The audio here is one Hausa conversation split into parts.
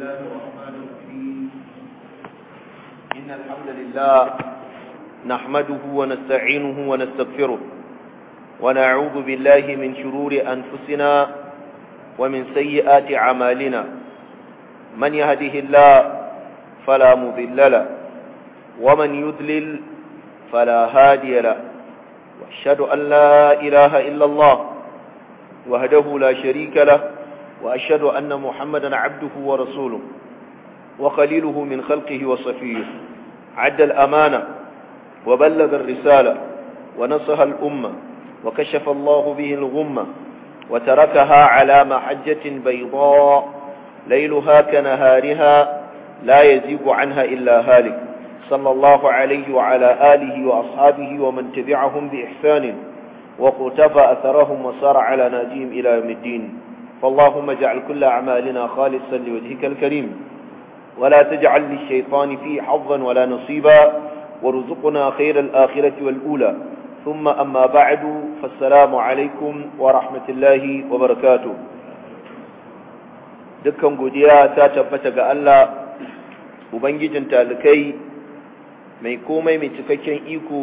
الله الرحمن الرحيم إن الحمد لله نحمده ونستعينه ونستغفره ونعوذ بالله من شرور أنفسنا ومن سيئات أعمالنا من يهده الله فلا مضل له ومن يذلل فلا هادي له واشهد أن لا إله إلا الله وهده لا شريك له وأشهد أن محمدا عبده ورسوله وقليله من خلقه وصفيه عد الأمانة وبلغ الرسالة ونصها الأمة وكشف الله به الغمة وتركها على محجة بيضاء ليلها كنهارها لا يزيب عنها إلا هالك صلى الله عليه وعلى آله وأصحابه ومن تبعهم بإحسان وقتفى أثرهم وسار على ناديهم إلى يوم الدين فاللهم اجعل كل أعمالنا خالصا لوجهك الكريم ولا تجعل للشيطان فيه حظا ولا نصيبا ورزقنا خير الآخرة والأولى ثم أما بعد فالسلام عليكم ورحمة الله وبركاته دكم قديا تاتا فتاك ألا وبنجي جنتا لكي ما يكومي متفكين إيكو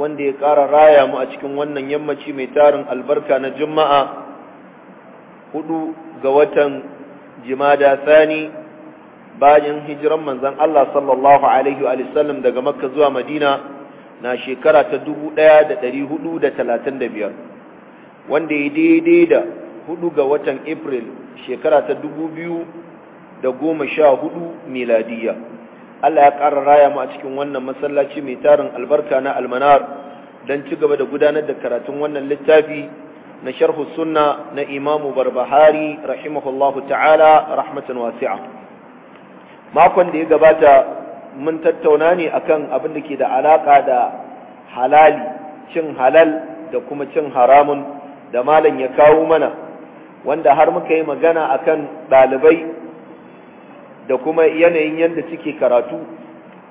وندي قارا رايا مؤتكم ونن يمتي ميتارن البركة نجمعا hudu ga watan jimada sani bayan hijiran manzan Allah sallallahu alaihi wa daga makka zuwa madina na shekara ta biyar, wanda ya daidai da hudu ga watan april shekara ta 2014 miladiya Allah ya ƙara raya mu a cikin wannan masallaci mai tarin albarka na almanar don ci gaba da gudanar da karatun wannan littafi na sharhu sunna na imamu barbahari rahimahullahu ta'ala rahmatan wasi'a makon da ya gabata mun tattauna ne akan abin da ke da alaka da halali cin halal da kuma cin haramun da malam ya kawo mana wanda har muka yi magana akan ɗalibai da kuma yanayin yadda suke karatu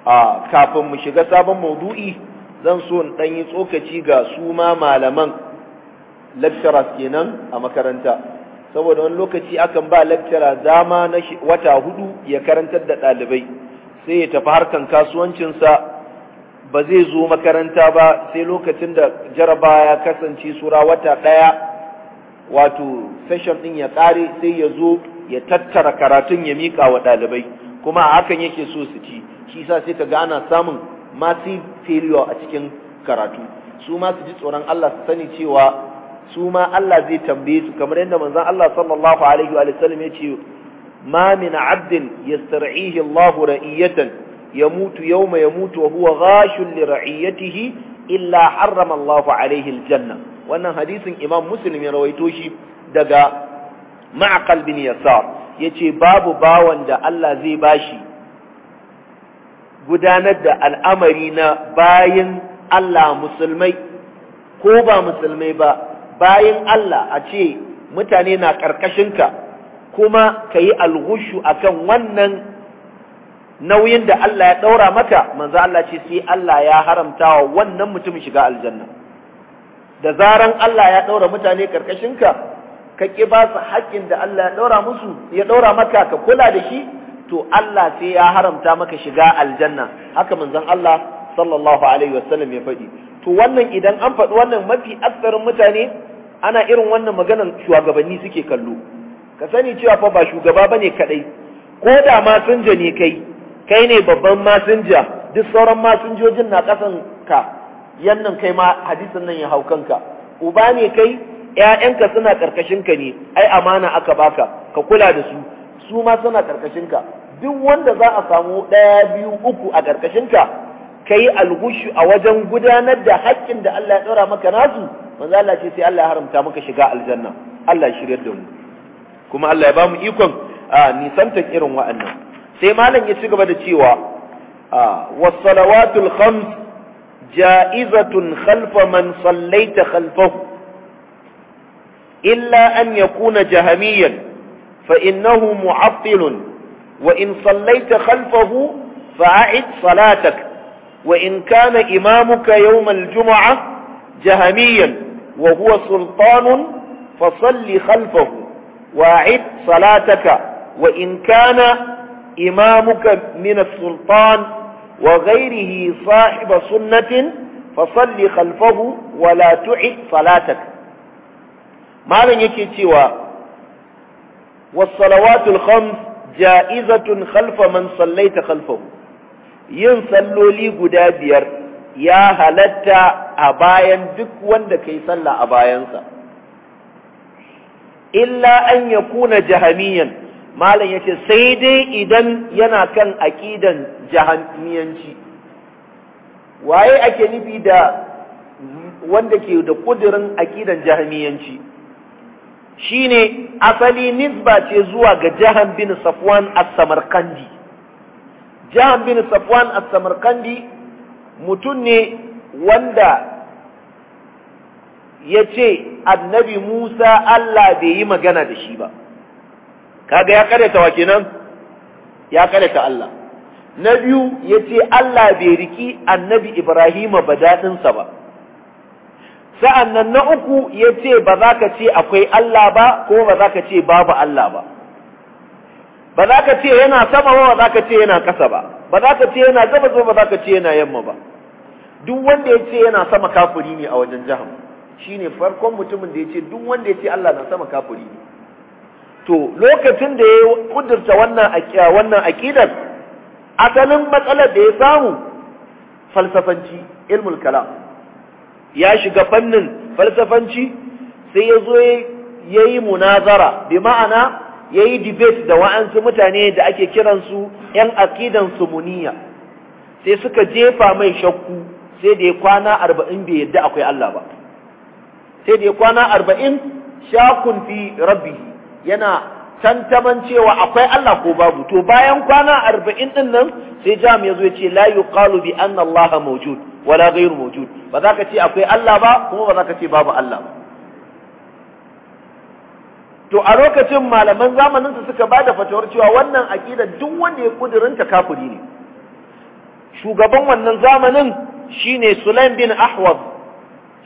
a kafin mu shiga sabon maudu'i zan so in ɗan yi tsokaci ga su ma malaman lecturers kenan a makaranta saboda wani lokaci akan ba lecturer dama na wata hudu ya karantar da ɗalibai sai ya tafi harkan kasuwancinsa ba zai zo makaranta ba sai lokacin da jaraba ya kasance sura wata ɗaya wato session ɗin ya ƙare sai ya zo ya tattara karatun ya miƙa wa ɗalibai kuma a hakan yake so su ci shi sa sai ka ga ana samun massive failure a cikin karatu su ma su ji tsoron Allah su sani cewa su ma Allah zai tambaye su kamar yadda manzon Allah sallallahu alaihi wa sallam ya ce ma min abdin yastar'ihi Allah ra'iyatan yamutu yawma yamutu wa huwa ghashun li ra'iyatihi illa harrama Allah alaihi aljanna wannan hadisin Imam Muslim ya rawaito shi daga Ma'qal bin Yasar yace babu bawan da Allah zai bashi gudanar da al'amari na bayin Allah musulmai ko ba musulmai ba bayin Allah a ce mutane na ƙarƙashinka kuma ka yi alhushu a kan wannan nauyin da Allah ya ɗaura maka manzo Allah ce sai Allah ya haramta wa wannan mutum shiga aljanna da zaran Allah ya ɗaura mutane ƙarƙashinka ka ƙi ba su haƙƙin da Allah ya ɗaura musu ya ɗaura maka ka kula da shi to Allah sai ya haramta maka shiga aljanna haka manzon Allah sallallahu alaihi wasallam ya faɗi to wannan idan an faɗi wannan mafi aksarin mutane ana irin wannan maganan shugabanni suke kallo ka sani cewa fa ba shugaba bane kadai ko da masinja ne kai kai ne babban masinja duk sauran masinjojin na kasan ka yannan kai ma hadisin nan ya hau kanka uba ne kai ƴaƴanka suna karkashin ka ne ai amana aka baka ka kula da su su ma suna karkashin ka duk wanda za a samu ɗaya biyu uku a karkashin ka kai algushu a wajen gudanar da haƙƙin da Allah ya ɗora maka nasu manzo Allah ce sai Allah ya haramta maka shiga aljanna Allah ya shiryar da mu kuma Allah ya ba mu ikon a nisantar irin wa'annan sai malam ya ci gaba da cewa a was-salawatul khams ja'izatun khalfa man sallaita khalfahu illa an yakuna jahamiyan fa innahu mu'attilun wa in sallaita khalfahu fa'id salatak وإن كان إمامك يوم الجمعة جهميا وهو سلطان فصل خلفه واعد صلاتك وإن كان إمامك من السلطان وغيره صاحب سنة فصل خلفه ولا تعد صلاتك ما لن يكتوى والصلوات الخمس جائزة خلف من صليت خلفه yin salloli guda biyar ya halatta a bayan duk wanda kai sallah a bayansa illa an kuna jahamiyan malam yace sai dai idan yana kan aƙidan jahamiyanci waye ake nufi da wanda ke da kudirin aƙidan jahamiyanci shine asali nisba ce zuwa ga jahan bin safwan as-samarkandi Jihar bin Safwan a samarkandi mutum ne wanda ya ce annabi Musa Allah bai yi magana da shi ba, kaga ya karyata wa kenan ya karyata Allah. Na biyu ya ce Allah bai riki annabi Ibrahima ba daɗinsa ba. Sa'an nan na uku ya ce ba za ka ce akwai Allah ba ko ba za ka ce babu Allah ba. ba za ka ce yana sama ba ba za ka ce yana ƙasa ba ba za ka ce yana gabas ba ba za ka ce yana yamma ba duk wanda ya ce yana sama kafuri ne a wajen jaham shine farkon mutumin da ya ce duk wanda ya ce Allah na sama kafuri ne to lokacin da ya kudurta wannan aqiya wannan aqidar asalin matsalar da ya samu falsafanci ilmul kalam ya shiga fannin falsafanci sai ya zo yayi munazara bi ma'ana ya yi debate da wa'ansu mutane da ake kiransu 'yan akidan sumuniya sai suka jefa mai shakku sai da ya kwana arba'in bai yadda akwai Allah ba sai da ya kwana arba'in shakun fi rabbi yana tantaman cewa akwai Allah ko babu to bayan kwana arba'in din nan sai jam ya zo ya ce la yuqalu bi anna Allah mawjud wala gairu mawjud ba za ka ce akwai Allah ba kuma ba za ka ce babu Allah ba to a lokacin malaman zamanin su suka bada fatawar cewa wannan aqida duk wanda ya ta kafiri ne shugaban wannan zamanin shine Sulaim bin Ahwaz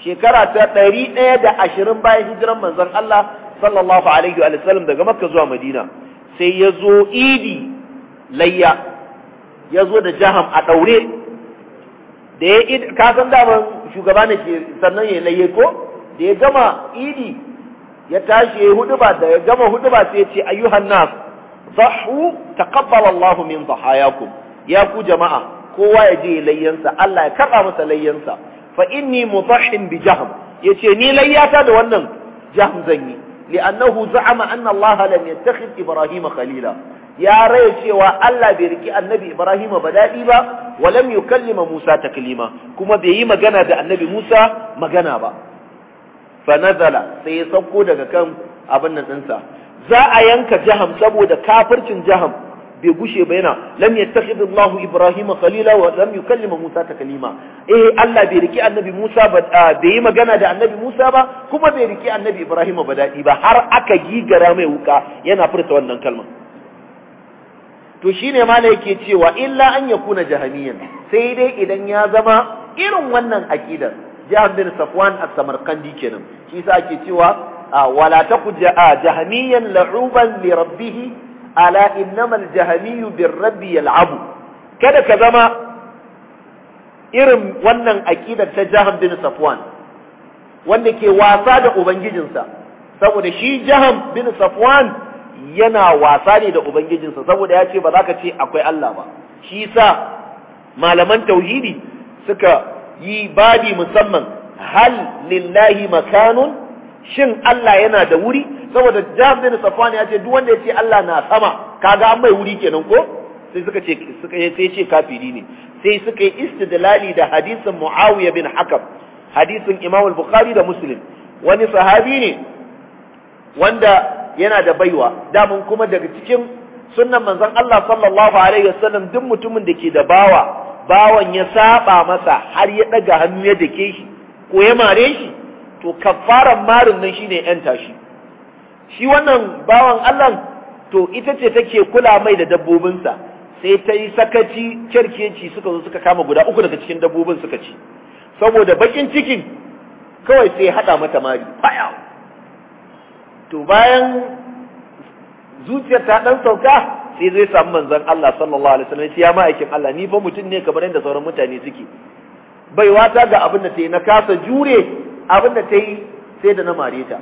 shekara ta ɗari ɗaya da ashirin bayan hijiran manzon Allah sallallahu alaihi wa sallam daga Makka zuwa Madina sai ya zo idi layya ya zo da jaham a ɗaure da ya ka san daman shugaba ne sannan ya layye ko da ya gama idi ya tashi ya hudu ba da ya gama hudu ba sai ya ce ayyuhan nas zahu taqabbal Allah min dhahayakum ya ku jama'a kowa ya je layyansa Allah ya karba masa layyansa fa inni mudahhin bi jahm ce ni layyata da wannan jahm zan yi li'annahu za'ama anna Allah lam yattakhid Ibrahim khalila ya raya cewa Allah bai riki annabi Ibrahim ba daɗi ba walam yukallima Musa taklima kuma bai yi magana da annabi Musa magana ba fanazala sai ya sauko daga kan abin nan dinsa za a yanka jaham saboda kafircin jaham bai gushe ba yana lam yattakhidhu Allahu Ibrahim khalila wa lam yukallima Musa taklima eh Allah bai riki annabi Musa ba ah, bai yi magana da annabi Musa ba kuma bai riki annabi Ibrahim ba dadi ba har aka gigara mai wuka yana furta wannan kalmar to shine mala yake cewa illa an yakuna jahaniyan sai dai idan ya zama irin wannan aqidar jihar bin safwan a samarkandi kenan shi sa ake cewa wala jahamiyan la'uban li ala innamal jahamiyu bir rabbi yal'abu kada ka zama irin wannan aqidar ta jihar bin safwan wanda ke wasa da ubangijinsa saboda shi jahar bin safwan yana wasa ne da ubangijinsa saboda ya ce ba za ka ce akwai Allah ba shi sa malaman tauhidi suka yi babi musamman hal lillahi makanun shin Allah yana da wuri saboda Jabir bin ya ce duk wanda ya ce Allah na sama kaga an mai wuri kenan ko sai suka ce suka sai ce kafiri ne sai suka yi istidlali da hadisin Muawiya bin Hakam hadisin Imam al-Bukhari da Muslim wani sahabi ne wanda yana da baiwa damun kuma daga cikin sunnan manzon Allah sallallahu alaihi wasallam duk mutumin da ke da bawa bawan ya saba masa har ya daga hannu ya dake shi ko ya mare shi to kafaran marin nan shine yanta tashi. shi wannan bawan Allah to ita ce take kula mai da dabbobinsa sai ta yi sakaci kyarkeci suka zo suka kama guda uku daga cikin dabbobin suka ci saboda bakin cikin kawai sai hada mata mari faya to bayan zuciyar ta dan sauka sai zai samu manzon Allah sallallahu alaihi wasallam ya ma aikin Allah ni fa mutum ne kamar yadda sauran mutane suke Baiwata wata ga abin da ta na kasa jure abin da ta sai da na mare ta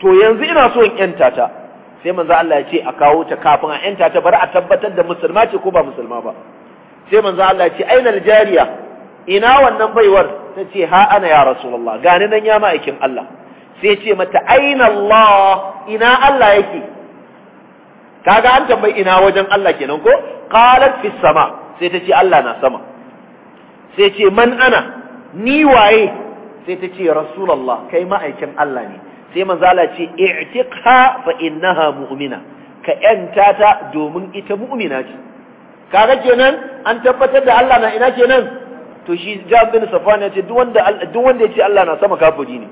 to yanzu ina so in yanta ta sai manzon Allah ya ce a kawo ta kafin a yanta ta bari a tabbatar da musulma ce ko ba musulma ba sai manzon Allah ya ce aina aljariya ina wannan baiwar ta ce ha ana ya rasulullah gani nan ya ma aikin Allah sai ya ce mata aina Allah ina Allah yake kaga an tambayi ina wajen Allah kenan ko qalat sama sai ta ce Allah na sama sai ce man ana ni waye sai ta ce rasulullah kai ma'aikin Allah ne sai manzala ce i'tiqha fa innaha mu'mina ka yanta ta domin ita mu'mina ce kaga kenan an tabbatar da Allah na ina kenan to shi Jabir bin Safwan ya ce duk wanda duk wanda ya ce Allah na sama kafiri ne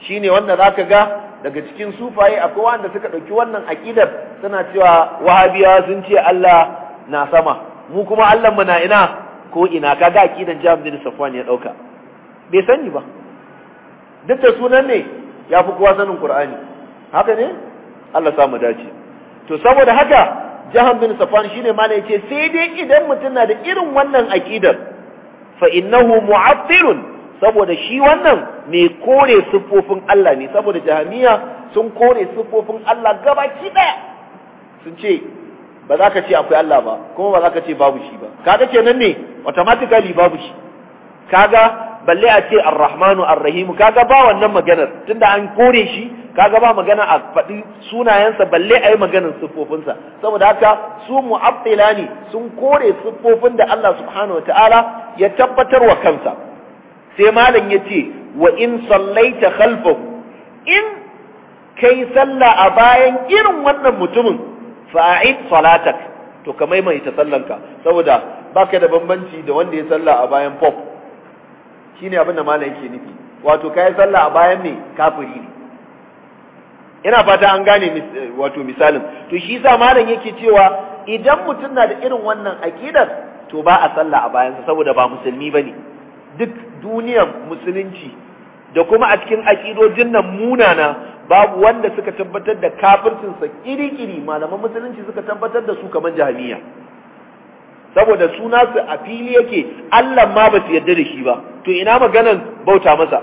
Shi ne wanda ka ga daga cikin sufaye a kowa wanda suka ɗauki wannan aƙidar suna cewa wahabiya sun ce Allah na sama mu kuma Allah mu na ina ko ina ka ga aƙidar jihar bin Safwan ya ɗauka bai sani ba duk da sunan ne ya fi kowa sanin kur'ani haka ne Allah sa mu dace to saboda haka Jahan bin Safwan shine ma ne ce sai dai idan mutum na da irin wannan aƙidar fa innahu mu'attilun saboda shi wannan mai kore siffofin Allah ne saboda jahamiya sun kore siffofin Allah gabaki ɗaya sun ce ba za ka ce akwai Allah ba kuma ba za ka ce babu shi ba kaga kenan ne automatically babu shi kaga balle a ce ar-rahmanu ar-rahim kaga ba wannan maganar tunda an kore shi kaga ba magana a faɗi sunayensa balle a yi maganar siffofinsa saboda haka su mu'attila ne sun kore siffofin da Allah subhanahu ta'ala ya tabbatar wa kansa sai malam ya ce wa in sallaita khalfahu in kai sallah a bayan irin wannan mutumin fa'id salatak to ka maimaita sallanka saboda baka da bambanci da wanda ya sallah a bayan pop shine abin da malam yake nufi wato kai sallah a bayan me kafiri ne ina fata an gane wato misalin to shi yasa malam yake cewa idan mutum na da irin wannan akidar to ba a sallah a bayansa saboda ba musulmi bane duk duniyar musulunci da kuma a cikin aƙidojin nan munana babu wanda suka tabbatar da kafircinsa kiri-kiri malaman musulunci suka tabbatar da su kamar jahiliya saboda suna su a fili yake Allah ma ba su yarda da shi ba to ina maganan bauta masa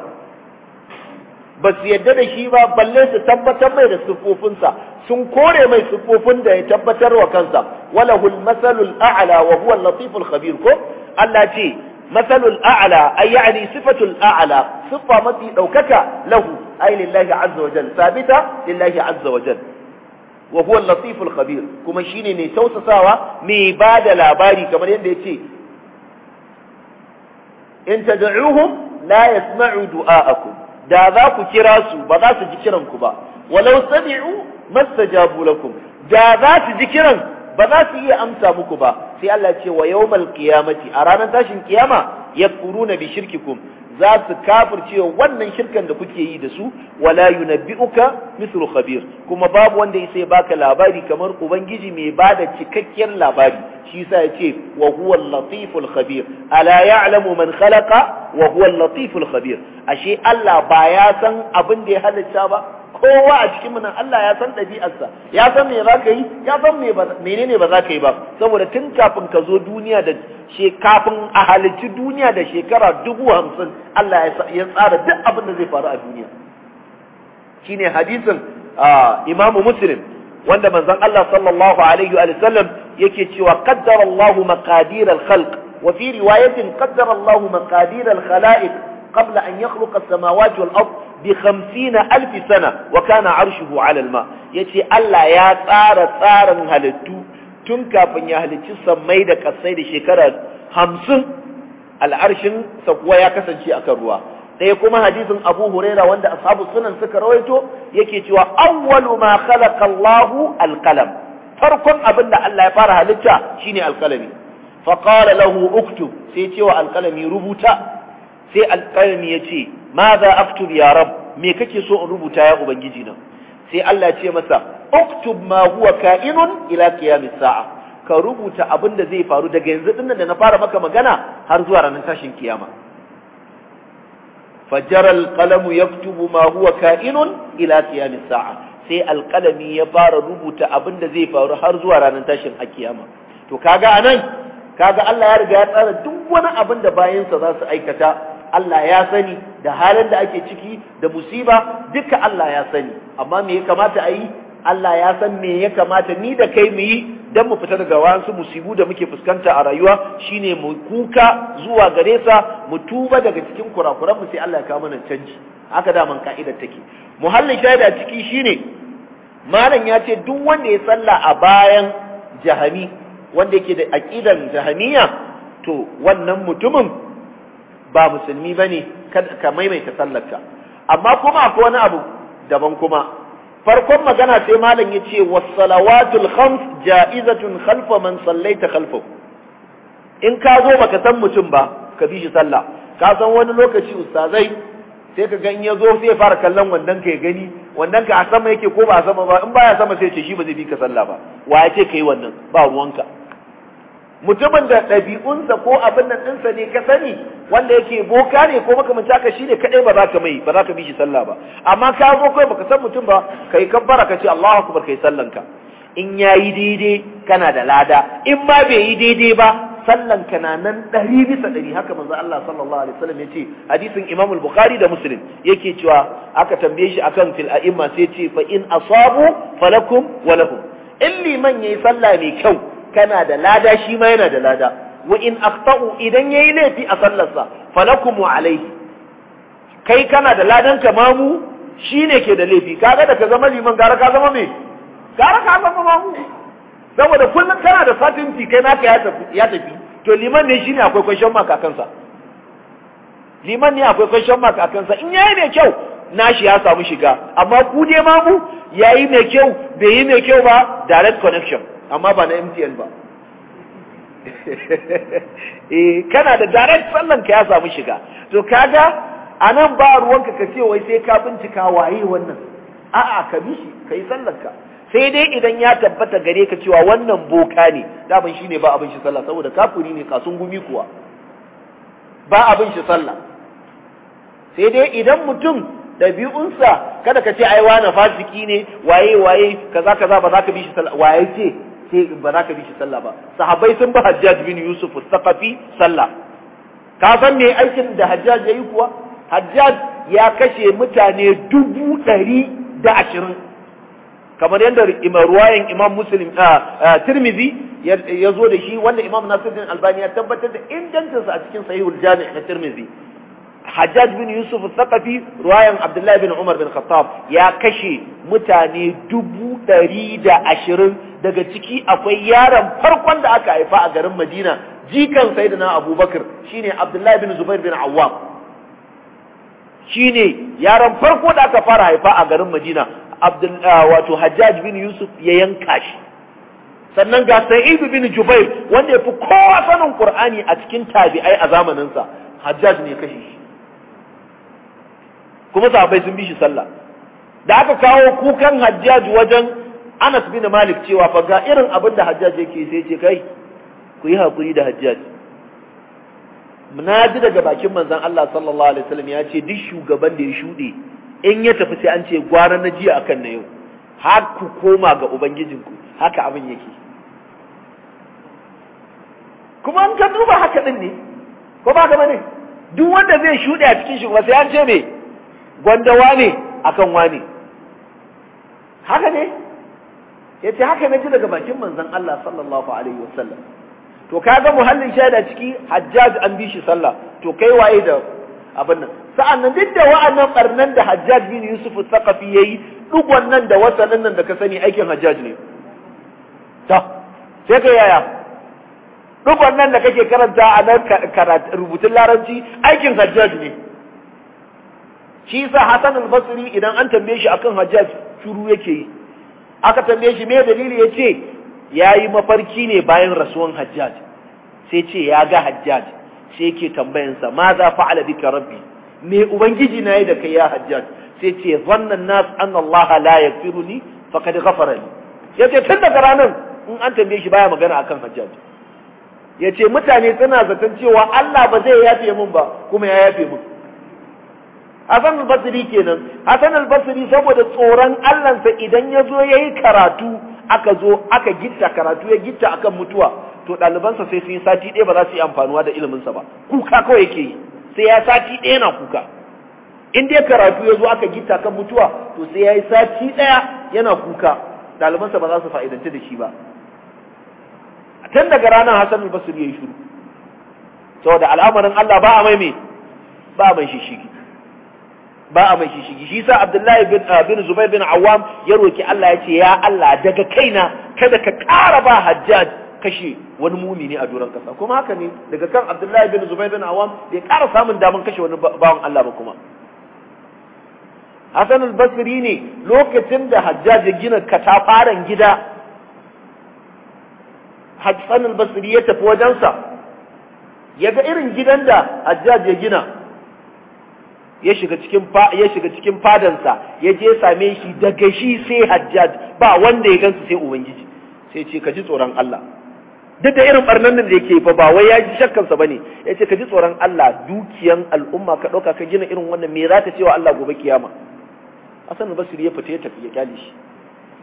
ba su yarda da shi ba balle su tabbatar mai da siffofinsa sun kore mai siffofin da ya tabbatar wa kansa walahul masalul a'la wa huwa al-latiful khabir ko Allah ce مثل الأعلى أي يعني صفة الأعلى صفة متي أوكك له أي لله عز وجل ثابتة لله عز وجل وهو اللطيف الخبير كما شيني ني ساوى مي بعد لاباري كما يندي إن تدعوهم لا يسمعوا دعاءكم داذاك za ku kira su ولو سمعوا ما استجابوا لكم ba ba za su iya amsa muku ba sai Allah ce wa yawmal qiyamati a ranar tashin kiyama yakfuruna bi shirkikum za su kafircewa wannan shirkan da kuke yi da su wala yunabbi'uka mithlu khabir kuma babu wanda ya baka labari kamar ubangiji mai bada cikakken labari shi yasa yace wa huwa latiful khabir ala ya'lamu man khalaqa wa huwa latiful khabir ashe Allah ba ya san abin da ya halitta ba kowa a cikin nan Allah ya san ɗabi'arsa ya san me za ka yi ya san menene ba za ka yi ba saboda tun kafin ka zo duniya da kafin a halicci duniya da shekara dubu hamsin Allah ya tsara duk abin da zai faru a duniya shine hadisin imamu muslim wanda manzon Allah sallallahu alaihi wa sallam yake cewa qaddara Allah maqadir al-khalq wa fi riwayatin qaddara Allah maqadir al-khalaiq qabla an yakhluqa as-samawati wal-ard bi 50 alfi sana wa kana arshuhu ala alma yace Allah ya tsara tsarin halittu tun kafin ya halicci sammai da kasai da shekara hamsin al'arshin sa kuwa ya kasance akan ruwa ɗaya kuma hadisin Abu Huraira wanda ashabu sunan suka rawaito yake cewa awwalu ma khalaqa Allahu alqalam farkon abin da Allah ya fara halitta shine alqalami fa qala lahu uktub sai cewa alqalami rubuta sai alqalami yace ma za aktub ya rab me kake so in rubuta ya ubangiji nan sai Allah ce masa uktub ma huwa ka'inun ila qiyamis sa'a ka rubuta abin da zai faru daga yanzu din da na fara maka magana har zuwa ranar tashin kiyama fajara alqalamu yaktubu ma huwa ka'inun ila qiyamis sa'a sai alqalami ya fara rubuta abin da zai faru har zuwa ranar tashin kiyama to kaga anan kaga Allah ya riga ya tsara duk wani abin da bayansa za su aikata Allah ya sani da halin da ake ciki da musiba duka Allah ya sani amma me ya kamata a yi Allah ya san me ya kamata ni da kai mu yi don mu fita daga wasu musibu da muke fuskanta a rayuwa shine mu kuka zuwa gare sa mu tuba daga cikin kurakuran mu sai Allah ya kawo mana canji haka da man ka'idar take muhallin shaida ciki shine malam ya ce duk wanda ya salla a bayan jahami wanda yake da aqidan jahamiya to wannan mutumin ba musulmi bane ka maimaita sallarka amma kuma akwai wani abu daban kuma farkon magana sai malam ya ce salawatul khams ja'izatun khalfa man sallaita khalfahu in ka zo baka san mutum ba ka bi shi sallah ka san wani lokaci ustazai sai ka gan ya zo sai fara kallon wandan ka ya gani wandan ka a sama yake ko ba a sama ba in baya sama sai ce shi ba zai bi ka sallah ba wa ya ce yi wannan ba ruwanka mutumin da ɗabi'unsa ko abin nan ɗinsa ne ka sani wanda yake boka ne ko makamanci haka shi ne kaɗai ba za ka mai ba za ka bi shi sallah ba amma ka zo kai baka san mutum ba kai kabbara ka ce Allahu akbar kai sallanka in yayi daidai kana da lada in ma bai yi daidai ba Sallanka na nan ɗari bisa ɗari haka manzo Allah sallallahu alaihi wasallam ce, hadisin Imam al-Bukhari da Muslim yake cewa aka tambaye shi akan fil a'imma sai ce fa in asabu falakum wa lahum in liman yayi sallah mai kyau kana da lada shi ma yana da lada wa in akhta'u idan yayi laifi a sallarsa falakum alayhi kai kana da ladan ka mamu shine ke da laifi kaga da ka zama liman gara ka zama me gara ka zama mamu saboda kullum kana da satinti kai naka ya tafi ya tafi to liman ne shine akwai question maka a kansa liman ne akwai question maka a kansa in yayi mai kyau nashi ya samu shiga amma ku dai mamu yayi mai kyau bai yi mai kyau ba direct connection amma ba na MTN ba eh kana da direct sallan ka ya samu shiga to kaga anan ba ruwanka ka ce wai sai ka bincika waye wannan a'a ka bi shi kai sallan ka sai dai idan ya tabbata gare ka cewa wannan boka ne ban shine ba abin shi sallah saboda kafuri ne kasun gumi kuwa ba abin shi sallah sai dai idan mutum ɗabi'unsa kada ka ce ai wani fasiki ne waye waye kaza kaza ba za ka bi shi waye ce sai ba za ka bi shi sallah ba sahabbai sun ba Hajjaj bin Yusuf al-Thaqafi sallah ka san me aikin da Hajjaj yayi kuwa Hajjaj ya kashe mutane dubu ɗari da ashirin kamar yadda ruwayan Imam Muslim Tirmidhi ya zo da shi wanda Imam Nasiruddin Albani ya tabbatar da ingancinsa a cikin Sahihul Jami' na tirmizi Hajjaj bin Yusuf Sakafi ruwayan Abdullahi bin Umar bin Khattab ya kashe mutane dubu ɗari da ashirin daga ciki akwai yaron farkon da aka haifa a garin Madina jikan Sayyidina Abubakar shine Abdullahi bin Zubair bin Shi shine yaron farko da aka fara haifa a garin Madina ah, wato Hajjaj bin Yusuf ya yanka shi sannan ga Sa'idu bin Jubair wanda ya fi kowa sanin Kur'ani a cikin tabi'ai a zamaninsa Hajjaj ne kashe shi kuma sahabbai sun bi shi sallah da aka kawo kukan hajjaj wajen Anas bin Malik cewa fa ga irin abin da hajjaj yake sai ce kai ku yi hakuri da hajjaj na ji daga bakin manzon Allah sallallahu alaihi wasallam ya ce duk shugaban da ya shude in ya tafi sai an ce gwara na jiya akan na yau har ku koma ga ubangijinku haka abin yake kuma an ka duba haka din ne ko ba ka bane duk wanda zai shude a cikin shugaba sai an ce me gwanda wane akan wane haka ne yace haka ne daga bakin manzan Allah sallallahu alaihi wasallam to ka ga muhallin shaida ciki Hajjaj an bi shi sallah to kai waye da abin nan sa'an nan duk da wa'annan barnan da Hajjaj bin Yusuf al-Thaqafi yayi duk wannan da wasanin nan da ka sani aikin Hajjaj ne ta sai kai yaya duk wannan da kake karanta a nan rubutun larabci aikin hajjaj ne shi sa Hassan al-Basri idan an tambaye shi akan Hajjaj shuru yake yi aka tambaye shi me dalili yace yayi mafarki ne bayan rasuwan Hajjaj sai ce ya ga Hajjaj sai yake tambayansa ma za fa'ala bika rabbi me ubangiji na yi da kai ya Hajjaj sai ce zannan nas anna Allah la yaghfiruni faqad ghafara li yace tun daga ranan in an tambaye shi baya magana akan Hajjaj yace mutane suna zaton cewa Allah ba zai yafe min ba kuma ya yafe min Hassan al-Basri kenan Hassan al-Basri saboda tsoron Allahnsa idan ya zo yayi karatu aka zo aka gitta karatu ya gitta akan mutuwa to ɗalibansa sai sun yi sati ɗaya ba za su yi amfanuwa da iliminsa ba kuka kawai yake yi sai ya sati ɗaya na kuka in dai karatu yazo aka gitta akan mutuwa to sai ya sati ɗaya yana kuka ɗalibansa ba za su fa'idanci da shi ba tun daga ranar Hassan al-Basri ya yi shiru saboda al'amarin Allah ba a mai ba mai shishigi ba a mai shishigi shi sa abdullahi bin ah, bin zubair bin awam ya roki Allah ya ce ya Allah daga kaina kada ka kara ba hajjaj kashe wani mumini a duran kasa kuma haka ne daga kan abdullahi bin zubair bin awam bai kara samun daman kashe wani bawan Allah ba kuma Hassan al-Basri ne lokacin da Hajjaj ya gina katafaren gida Hassan al-Basri ya tafi wajensa ya ga irin gidan da Hajjaj ya gina ya shiga cikin ya shiga cikin fadansa ya je same shi daga shi sai hajjaj ba wanda ya gansu sai ubangiji sai ce ka tsoron Allah duk da irin barnan da yake fa ba wai ya ji shakkan sa bane ya ce ka tsoron Allah dukiyan al'umma ka dauka ka gina irin wannan me za ce cewa Allah gobe kiyama Hassan Basri ya fita ya tafi ya kyale shi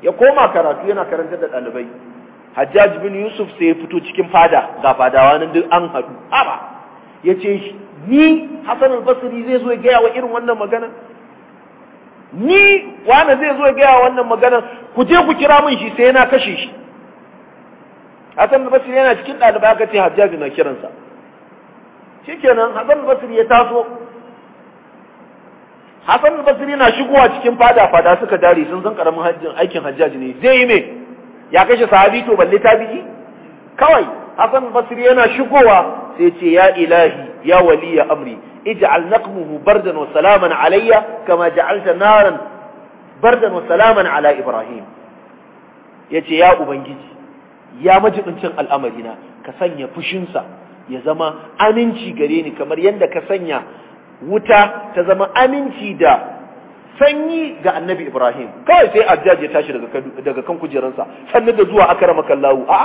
ya koma karatu yana karantar da ɗalibai Hajjaj bin Yusuf sai ya fito cikin fada ga fadawa nan duk an haɗu haba ya ce ni Hassan al-Basri zai zo ya gaya wa irin wannan magana ni wani zai zo ya gaya wa wannan magana ku je ku kira min shi sai yana kashe shi Hassan al-Basri yana cikin ɗalibai aka ce Hajjaji na kiransa shikenan Hassan al-Basri ya taso Hassan al-Basri na shigowa cikin fada fada suka dare sun san karamin hajjin aikin Hajjaji ne zai yi me ya kashe sahabi to balle tabi'i kawai Hassan al-Basri yana shigowa sai ce ya ilahi ya waliya amri ij'al naqmuhu bardan wa salaman alayya kama ja'alta naran bardan wa salaman ala ibrahim yace ya ubangiji ya majibincin al'amarina ka sanya fushinsa ya zama aminci gare ni kamar yadda ka sanya wuta ta zama aminci da sanyi ga annabi Ibrahim kawai sai Abjaj ya tashi daga kan kujeransa sannan da zuwa aka rama kallahu a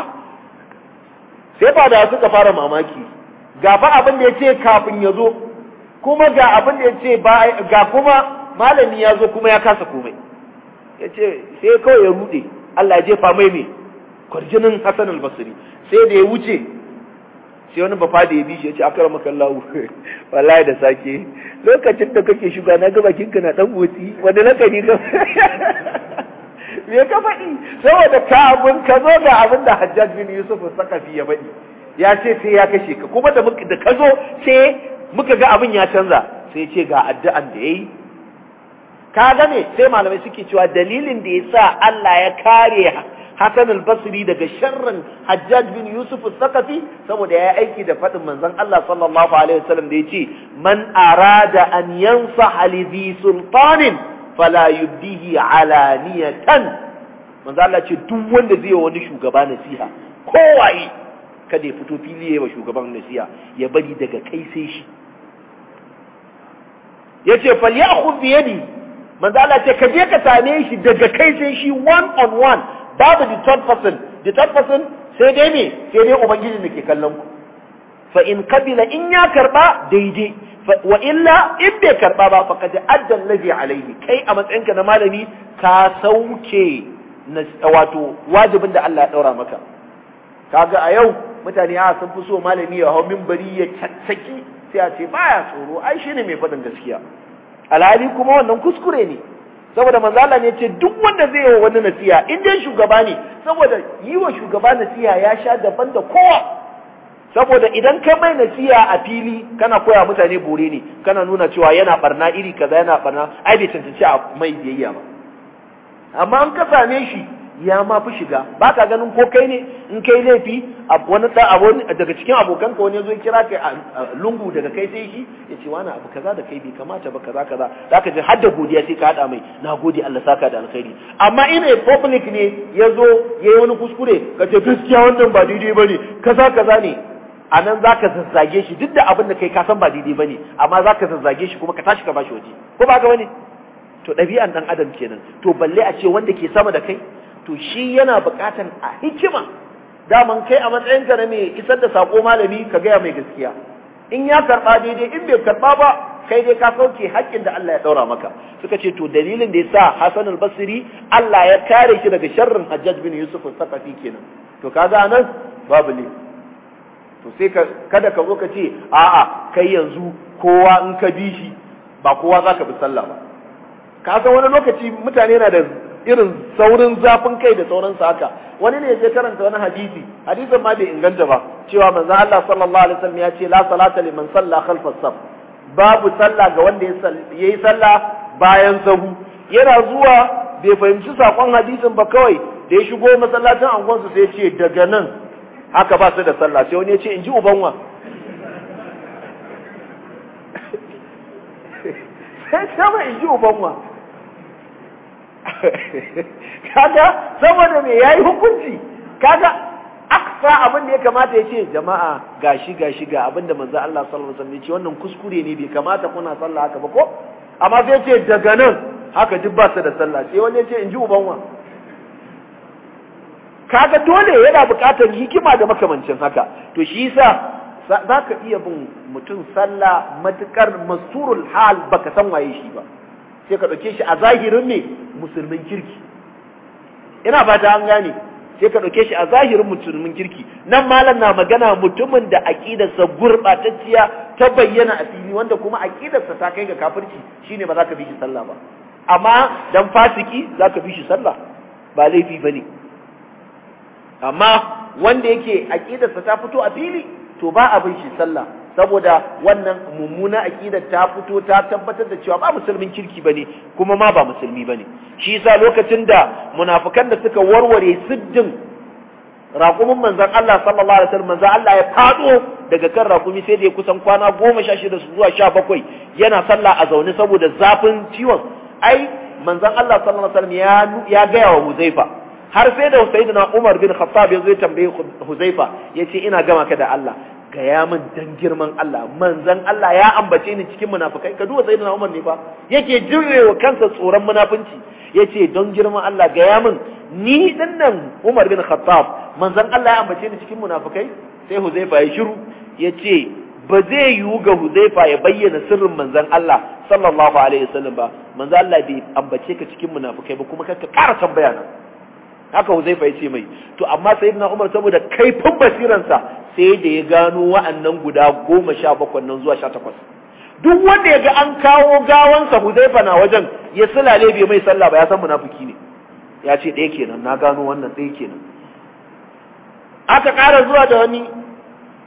sai ba da suka fara mamaki ga fa abin da ce kafin ya zo kuma ga abin da yace ba ga kuma malami ya zo kuma ya kasa komai yace sai kawai ya rude Allah ya jefa mai ne kwarjinin Hassan al-Basri sai da ya wuce sai wani bafa da ya bi shi ya ce akara maka Allah wallahi da sake lokacin da kake shiga na ga bakin ka na dan wuti wanda lakari ka me ka faɗi saboda ka abun ka zo ga abin da Hajjaj bin Yusuf Sakafi ya faɗi ya ce sai ya kashe ka kuma da muka da kazo sai muka ga abin ya canza sai ce ga addu'an da yayi ka ga ne sai malamai suke cewa dalilin da yasa Allah ya kare Hassan al-Basri daga sharrin Hajjaj bin Yusuf al-Thaqafi saboda yayi aiki da fadin manzon Allah sallallahu alaihi wasallam da yace man arada an yansaha li dhi sultanin fala yubdihi alaniyatan manzon Allah ce duk wanda zai wani shugaba nasiha kowaye kada ya fito fili ya wa shugaban nasiya ya bari daga kai sai shi ya ce falyakhudh bi manzo Allah ce ka je ka same shi daga kai sai shi one on one babu the third person the third person sai dai me sai dai ubangiji da ke kallon ku fa in kabila in ya karba daidai wa illa in bai karba ba fa addan adda alai alaihi kai a matsayinka na malami ka sauke wato wajibin da Allah ya daura maka kaga a yau mutane a ah, sun fi so malami ya hau mimbari ya cancaki sai a ce baya tsoro ai shi ne mai faɗin gaskiya alhali kuma wannan kuskure ne saboda manzo Allah ne ce duk wanda zai yi wani nasiha in shugaba ne saboda yi wa shugaba nasiya ya sha daban da kowa saboda idan ka mai nasiha a fili kana koya mutane bore ne kana nuna cewa yana barna iri kaza yana barna ai bai cancanci a mai biyayya ba amma an ka same shi ya ma fi shiga ba ka ganin ko kai ne in kai laifi wani daga cikin abokan ka wani zo ya kira kai a lungu daga kai sai shi ya ce wani abu kaza da kai bai kamata ba kaza kaza za ka ji har da godiya sai ka haɗa mai na gode Allah saka da alkhairi amma in mai public ne ya zo ya yi wani kuskure ka ce gaskiya wannan ba daidai ba ne kaza kaza ne a nan za ka zazzage shi duk da abin da kai ka san ba daidai ba ne amma za ka zazzage shi kuma ka tashi ka ba shi waje ko ba ka wani to ɗabi'an ɗan adam kenan to balle a ce wanda ke sama da kai to shi yana buƙatan a hikima daman kai a matsayinka na mai isar da sako malami ka gaya mai gaskiya in ya karɓa daidai in bai karɓa ba kai dai ka sauke haƙƙin da Allah ya ɗaura maka suka ce to dalilin da yasa Hassan al-Basri Allah ya kare shi daga sharrin Hajjaj bin Yusuf al kenan to kaga nan babu ne to sai ka kada ka zo ka ce a'a kai yanzu kowa in ka bi shi ba kowa zaka bi sallah ba ka san wani lokaci mutane na da irin saurin zafin kai da sauransu haka wani ne je karanta wani hadisi hadisin ma bai inganta ba cewa manzo Allah sallallahu alaihi wasallam ya ce la salata liman salla as saf babu sallah ga wanda yayi sallah bayan sahu yana zuwa bai fahimci sakon hadisin ba kawai da ya shigo masallacin angonsu sai ya ce daga nan haka ba su da sallah sai wani ya ce in ji ubanwa sai in ji ubanwa kaga saboda me yayi hukunci kaga aksa abin da ya kamata ya ce jama'a gashi gashi ga abinda manzo Allah sallallahu alaihi wasallam ya ce wannan kuskure ne bai kamata kuna sallah haka ba ko amma sai ce daga nan haka duk ba su da sallah sai wani ya ce in ji ubanwa kaga dole yana buƙatar hikima da makamancin haka to shi yasa za ka iya bin mutum sallah matukar masurul hal baka san waye shi ba sai ka ɗauke shi a zahirin me musulmin kirki ina ba ta an gane sai ka ɗauke shi a zahirin musulmin kirki nan malam na magana mutumin da aƙidarsa gurɓatacciya ta bayyana a fili wanda kuma aƙidarsa ta kai ga kafirci shine ba za ka bi shi sallah ba amma dan fasiki za ka bi shi sallah ba laifi ba ne amma wanda yake aƙidarsa ta fito a fili to ba a bin shi sallah saboda wannan mummuna aqidar ta fito ta tabbatar da cewa ba musulmin kirki bane kuma ma ba musulmi bane shi yasa lokacin da munafikan da suka warware siddin raƙumin manzon Allah sallallahu alaihi wasallam manzon Allah ya fado daga kan raqumi sai da ya kusan kwana 16 zuwa 17 yana sallah a zaune saboda zafin ciwon ai manzon Allah sallallahu alaihi wasallam ya ya ga wa Huzaifa har sai da Sayyidina Umar bin Khattab ya zo ya tambaye Huzaifa yace ina gama ka da Allah gaya min dan girman Allah manzan Allah ya ambace ni cikin munafikai ka duba sayyidina Umar ne ba yake jirrewa kansa tsoron munafunci yace don girman Allah gaya min ni dinnan Umar bin Khattab manzan Allah ya ambace ni cikin munafikai sai Huzaifa ya shiru yace ba zai yiwu ga Huzaifa ya bayyana sirrin manzan Allah sallallahu alaihi wasallam ba manzan Allah bai ambace ka cikin munafikai ba kuma ka kara tambaya na haka Huzaifa ya ce mai to amma ibn Umar saboda kaifin basiransa sai da ya gano wa'annan guda goma sha bakwai nan zuwa sha takwas duk wanda ya ga an kawo gawansa Huzaifa na wajen ya sulale bai mai sallah ba ya san munafiki ne ya ce ɗaya kenan na gano wannan ɗaya kenan aka ƙara zuwa da wani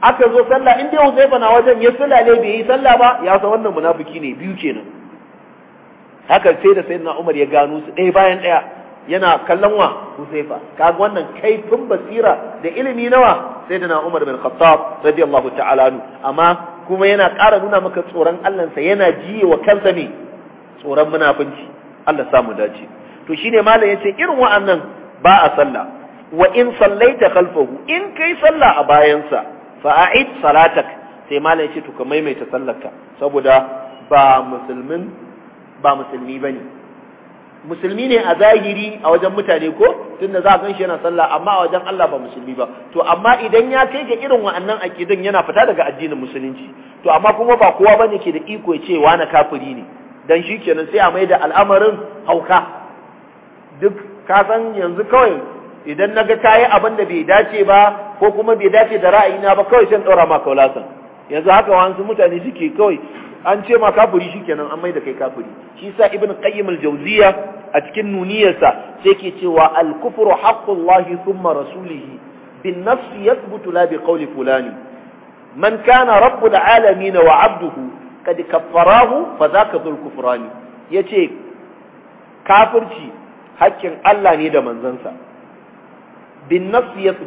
aka zo sallah in dai Huzaifa na wajen ya sulale bai yi sallah ba ya san wannan munafiki ne biyu kenan haka sai da sayyidina Umar ya gano su ɗaya bayan ɗaya yana kallon wa Huzaifa kaga wannan kaifin basira da ilimi nawa sai da na Umar bin Khattab radiyallahu ta'ala anhu amma kuma yana ƙara nuna maka tsoron Allahnsa yana jiye wa kansa ne tsoron munafunci Allah samu dace to shine malam yace irin wa'annan ba a sallah wa in sallaita khalfahu in kai sallah a bayansa fa a'id salatak sai malam yace to ka maimaita sallarka saboda ba musulmin ba musulmi bane musulmi ne a zahiri a wajen mutane ko tunda za a ganshi yana sallah amma a wajen Allah ba musulmi ba to amma idan ya kai ga irin wa'annan akidan yana fita daga addinin musulunci to amma kuma ba kowa bane ke da iko ya ce wani kafiri ne dan shikenan sai a maida al'amarin hauka duk ka san yanzu kawai idan naga kayi abin da bai dace ba ko kuma bai dace da ra'ayina ba kawai sai daura maka wulasan yanzu haka wasu mutane suke kawai an ce ma kafiri shikenan an maida kai kafiri shi sa ibn qayyim al-jawziya a cikin nuniyarsa sai ke cewa al-kufru haqqullahi thumma rasulihi bin nafsi yathbutu la bi qawli fulani man kana rabbul na wa abduhu kad kaffarahu fa za ka zaka dhul Ya ce kafirci haƙƙin Allah ne da manzansa bin nafsi nafs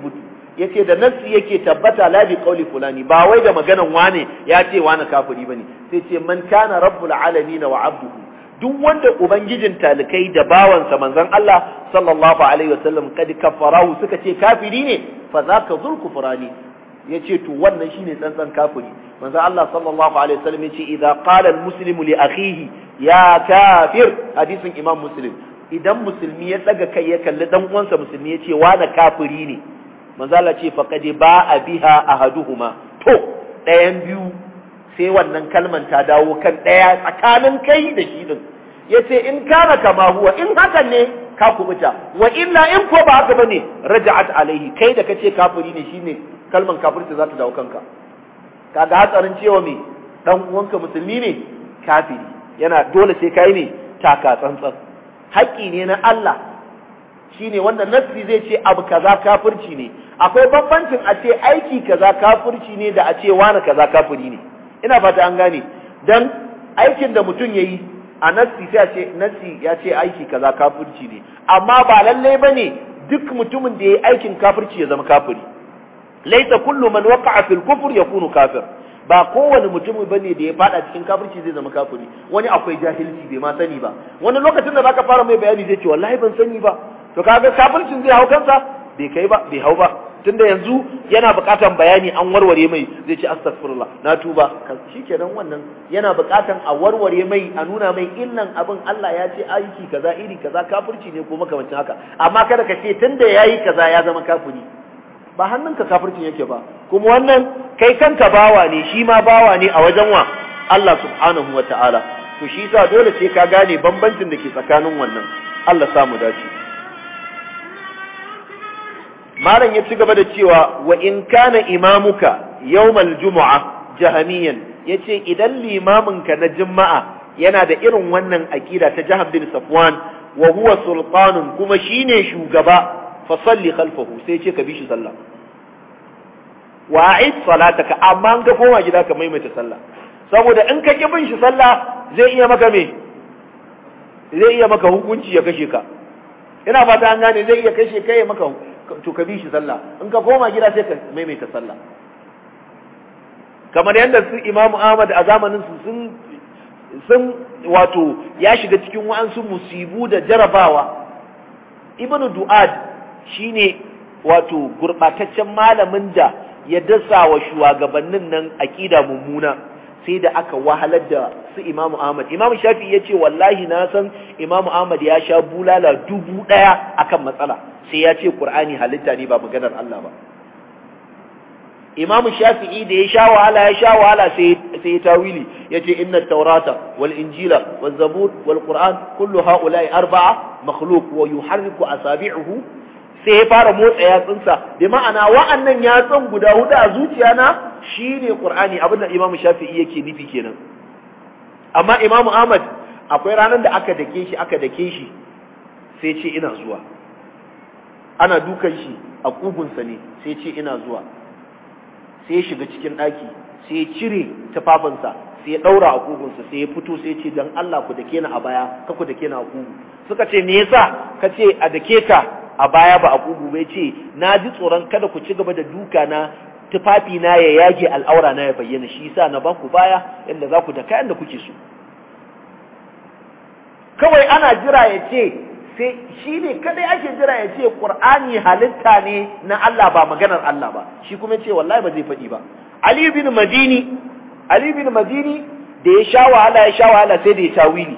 Ya ce da nafsi yake tabbata la bi fulani ba wai da maganan wane ya ce wani kafiri ne. sai ce man kana rabbul na wa abduhu duk wanda ubangijin talikai da bawansa manzon Allah sallallahu alaihi wasallam kafarahu suka ce kafiri ne fa zaka zul kufrani yace to wannan shine tsantsan kafiri manzon Allah sallallahu alaihi wasallam yace idza qala almuslimu li akhihi ya kafir hadisin imam muslim idan musulmi ya daga kai ya kalli dan uwansa musulmi yace wani kafiri ne manzon Allah ce ba a biha ahaduhuma to dayan biyu sai wannan kalman ta dawo kan ɗaya tsakanin kai da shi din yace in kana kama huwa in hakan ne ka kubuta wa illa in ko ba haka bane raja'at alaihi kai da kace kafiri ne shine kalman kafirci za ta dawo kanka kaga hatsarin cewa me dan uwanka musulmi ne kafiri yana dole sai kai ne taka tsantsan haƙƙi ne na Allah shine wanda nasri zai ce abu kaza kafirci ne akwai bambancin a ce aiki kaza kafirci ne da a ce wani kaza kafiri ne ina fata an gane dan aikin da mutum yayi a nassi sai ce nassi ya ce aiki kaza kafirci ne amma ba lalle bane duk mutumin da yayi aikin kafirci ya zama kafiri laita kullu man waqa'a fil kufr yakunu kafir ba kowane mutum bane da ya fada cikin kafirci zai zama kafiri wani akwai jahilci bai ma sani ba wani lokacin da zaka fara mai bayani zai ce wallahi ban sani ba to kaga kafircin zai hau kansa bai kai ba bai hau ba tunda yanzu yana buƙatan bayani an warware mai zai ce astagfirullah na tuba shikenan wannan yana buƙatan a warware mai a nuna mai illan abin Allah ya ce aiki kaza iri kaza kafirci ne ko makamancin haka amma kada ka ce tunda yayi kaza ya zama kafiri ba hannunka kafircin yake ba kuma wannan kai kanka bawa ne shi ma bawa ne a wajen wa Allah subhanahu wataala to shi yasa dole sai ka gane bambancin da ke tsakanin wannan Allah samu dace malam ya ci gaba da cewa wa in kana imamuka yawmal jumu'a jahamiyan yace idan limaminka na juma'a yana da irin wannan aqida ta Jahab bin Safwan wa huwa sultanun kuma shine shugaba fa salli khalfahu sai ce ka bi shi sallah wa a'id salataka amma an ga koma gida ka maimaita sallah saboda in ka ki bin shi sallah zai iya maka me zai iya maka hukunci ya kashe ka ina fata an gane zai iya kashe kai maka hukunci to ka bi shi sallah in ka koma gida sai ka maimaita sallah kamar yadda su imamu ahmad a zamanin su sun sun wato ya shiga cikin wa'ansu musibu da jarabawa ibnu du'ad shine wato gurɓataccen malamin da ya dasa wa shugabannin nan aƙida mummuna sai da aka wahalar da su imamu ahmad imamu shafi ya ce wallahi na san imamu ahmad ya sha bulala dubu ɗaya akan matsala sai ya ce ƙur'ani halitta ne ba maganar allah ba imamu shafi'i da ya sha wahala ya sha wahala sai ya tawili ya ce inna taurata wal injila wal zabur wal qur'an kullu ha'ula'i arba'a makhluq wa yuharriku asabi'uhu sai ya fara motsa yatsunsa bi ma'ana wa'annan yatsun guda hudu a zuciya na shine qur'ani abinda imamu shafi'i yake nufi kenan amma imamu ahmad akwai ranar da aka dake shi aka dake shi sai ce ina zuwa ana dukan shi a kugunsa ne sai ce ina zuwa sai ya shiga cikin ɗaki sai ya cire tufafinsa sai ya ɗaura a kugunsa sai ya fito sai ya ce don Allah ku dake ni a baya ka ku dake ni a kugu suka ce me yasa ka ce a dake ka a baya ba a kugu bai ce na ji tsoron kada ku ci gaba da duka na tufafi na ya yage al'aura na ya bayyana shi sa na ba ku baya inda za ku da kayan da kuke so kawai ana jira ya ce sai shi ne kadai ake jira ya ce qur'ani halitta ne na Allah ba maganar Allah ba shi kuma ce wallahi ba zai faɗi ba Ali ibn Madini Ali ibn Madini da ya sha wahala ya sha wahala sai da ya tawili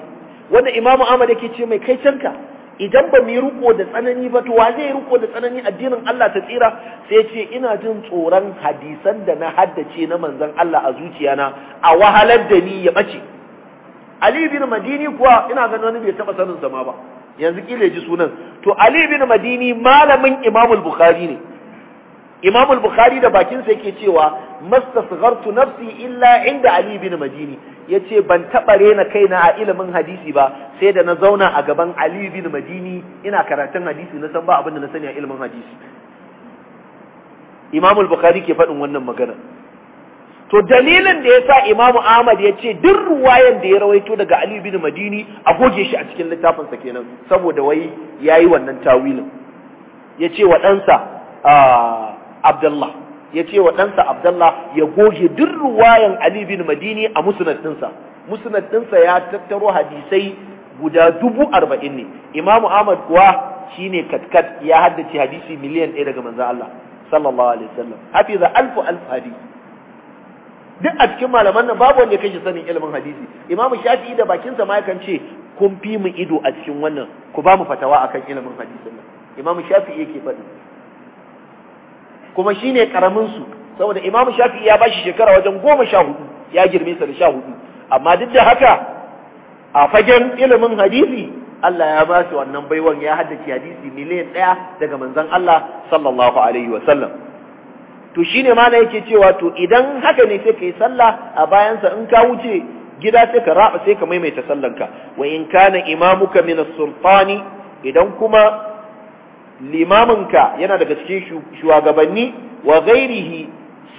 wanda Imam Ahmad yake ce mai kai canka idan ba mu riko da tsanani ba to wa zai riko da tsanani addinin Allah ta tsira sai ce ina jin tsoron hadisan da na haddace na manzon Allah a zuciyana a wahalar da ni ya bace Ali bin Madini kuwa ina ganin wani bai taba sanin sa ma ba yanzu kila ji sunan to Ali bin Madini malamin Imam Bukhari ne Imam al-Bukhari da bakin sa yake cewa mastasghartu nafsi illa inda Ali bin Madini yace ban taba rena kaina a ilimin hadisi ba sai da na zauna a gaban Ali bin Madini ina karatun hadisi na san ba abin da na sani a ilimin hadisi Imam al-Bukhari ke faɗin wannan magana to dalilin da yasa Imam Ahmad yace duk ruwayan da ya rawaito daga Ali bin Madini a goge shi a cikin littafin sa kenan saboda wai yayi wannan tawilin yace wa ɗansa ah, Abdullah ya ce wa ɗansa Abdullah ya goge duk ruwayan Ali bin Madini a musnadinsa. ɗinsa ɗinsa ya tattaro hadisai guda dubu arba'in ne Imam Ahmad kuwa shine katkat ya haddace hadisi miliyan ɗaya daga manzo Allah sallallahu alaihi wasallam hafiza alfu alfu hadisi duk a cikin malaman nan babu wanda ya kashe sanin ilimin hadisi Imam shafi'i da bakinsa ma yakan ce kun fi mu ido a cikin wannan ku ba mu fatawa akan ilimin hadisin nan Imam shafi'i yake faɗi kuma shine karamin su saboda Imam Shafi'i ya bashi shekara wajen goma sha hudu ya girme sa da sha hudu amma duk da haka a fagen ilimin hadisi Allah ya ba wannan baiwan ya haddace hadisi miliyan ɗaya daga manzon Allah sallallahu alaihi wa sallam to shine ma na yake cewa to idan haka ne sai kai sallah a bayansa in ka wuce gida sai ka raba sai ka maimaita sallanka wa in kana imamuka min as-sultani idan kuma limaminka yana daga cikin shugabanni wa ghairihi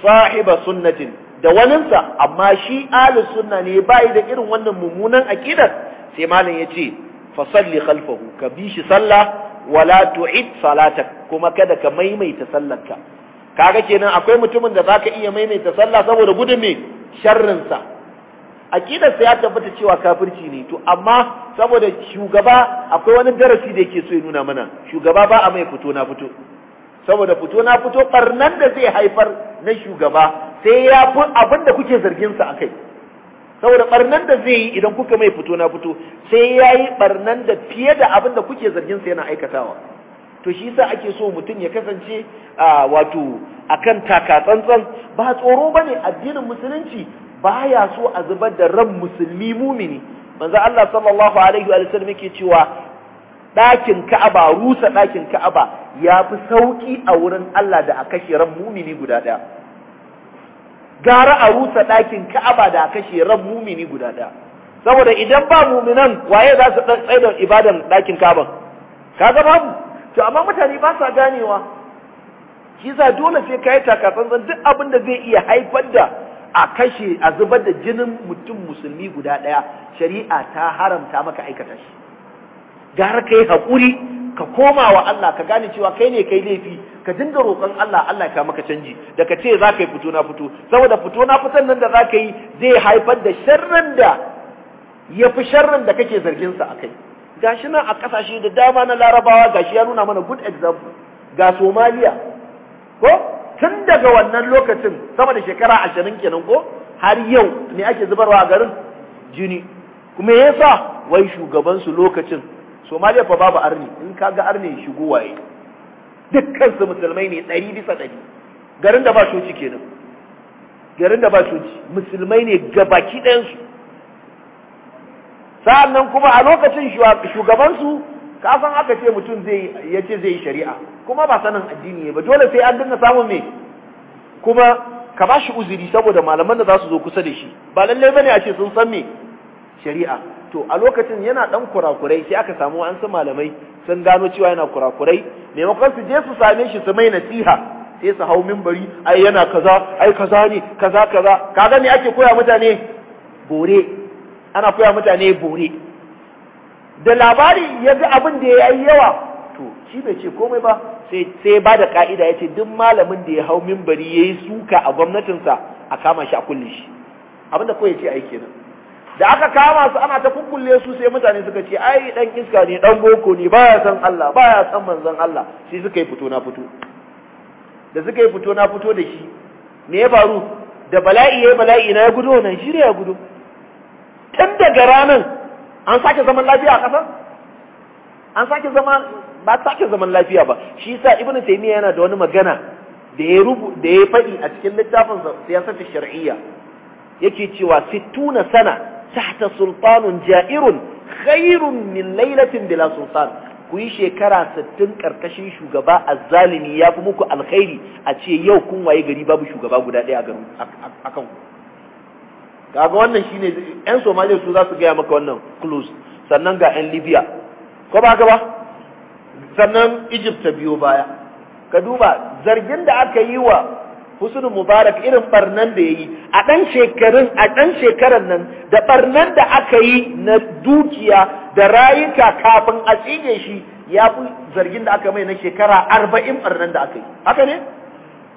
sahiba sunnatin da waninsa amma shi ahli sunna ne bai da irin wannan mummunan aqidar sai malam yace fa salli khalfahu ka bi shi sallah wala tu'id salatak kuma kada ka maimaita sallarka kaga kenan akwai mutumin da zaka iya maimaita sallah saboda gudun me sharrinsa aqidar sai ya tabbata cewa kafirci ne to amma saboda shugaba akwai wani darasi da yake so ya nuna mana shugaba ba a mai fito na fito saboda fito na fito barnan da zai haifar na shugaba sai ya fi abin da kuke zargin sa akai saboda barnan da zai yi idan kuka mai fito na fito sai ya yi barnan da fiye da abin da kuke zargin sa yana aikatawa to shi yasa ake so mutum ya kasance wato akan taka tsantsan ba tsoro bane addinin musulunci baya so a zubar da ran musulmi mumini manzo Allah sallallahu alaihi wa sallam yake cewa dakin Ka'aba rusa dakin Ka'aba ya fi sauki a wurin Allah da a kashe ran mumini guda daya gara a rusa dakin Ka'aba da a kashe ran mumini guda daya saboda idan ba muminan waye za su tsaye da ibadan dakin Ka'aba kaga mu. to amma mutane ba sa ganewa shi dole sai ka yi takatsantsan duk abin da zai iya haifar da a kashe a zubar da jinin mutum musulmi guda ɗaya shari'a ta haramta maka aikata shi gara kai hakuri ka koma wa Allah ka gane cewa kai ne kai laifi ka dinga roƙon Allah Allah ka maka canji da ka ce za ka yi fito na fito saboda fito na fitan nan da za ka yi zai haifar da sharrin da ya fi sharrin da kake zargin sa akai gashi nan a ƙasashe da dama na larabawa gashi ya nuna mana good example ga somaliya daga wannan lokacin sama da shekara ashirin kenan ko har yau ne ake zubarwa a garin jini kuma ya sa wai shugabansu lokacin somaliya fa babu arni in ka ga arni shigo waye dukkan su musulmai ne ɗari bisa ɗari garin da ba shoci kenan garin da ba shoci musulmai ne gabaki ɗayansu sa'annan kuma a lokacin shugabansu ka san aka ce mutum zai ya ce zai yi shari'a kuma ba sanin addini ba dole sai an dinga samun me kuma ka ba shi uzuri saboda malaman da za su zo kusa da shi ba lallai bane a ce sun san me shari'a to a lokacin yana dan kurakurai sai aka samu an san malamai sun gano cewa yana kurakurai maimakon su je su same shi su mai nasiha sai su hau minbari ai yana kaza ai kaza ne kaza kaza kaga ne ake koya mutane bore ana koya mutane bore da labari ya abin da ya yi yawa to shi bai ce komai ba sai ba da ka'ida ya ce duk malamin da ya hau mimbari ya yi suka a gwamnatinsa a kama shi a kulle shi abinda kawai ya ce ai kenan da aka kama su ana ta kukkulle su sai mutane suka ce ai dan iska ne dan boko ne ba ya san Allah ba ya san manzon Allah sai suka yi fito na fito da suka yi fito na fito da shi me ya faru da bala'i ya bala'i na ya gudu nan shi ya gudu tun daga ranar an sake zaman lafiya a ƙasa an sake zaman ba sake zaman lafiya ba shi sa ibnu taymiya yana da wani magana da ya rubu da ya faɗi a cikin littafin siyasar shar'iyya yake cewa sittuna sana tahta sultanun ja'irun khairun min lailatin bila sultan ku yi shekara 60 karkashin shugaba azzalimi ya fi muku alkhairi a ce yau kun waye gari babu shugaba guda daya a kan ku kaga wannan shine yan somaliya su za su gaya maka wannan close sannan ga yan libya ko ba ka ba sannan Egypt ta biyo baya ka duba zargin da aka yi wa Husnu Mubarak irin barnan da yayi a dan shekarun a dan shekaran nan da barnan da aka yi na dukiya da rayuka kafin a tsige shi ya fi zargin da aka mai na shekara arba'in barnan da aka yi haka ne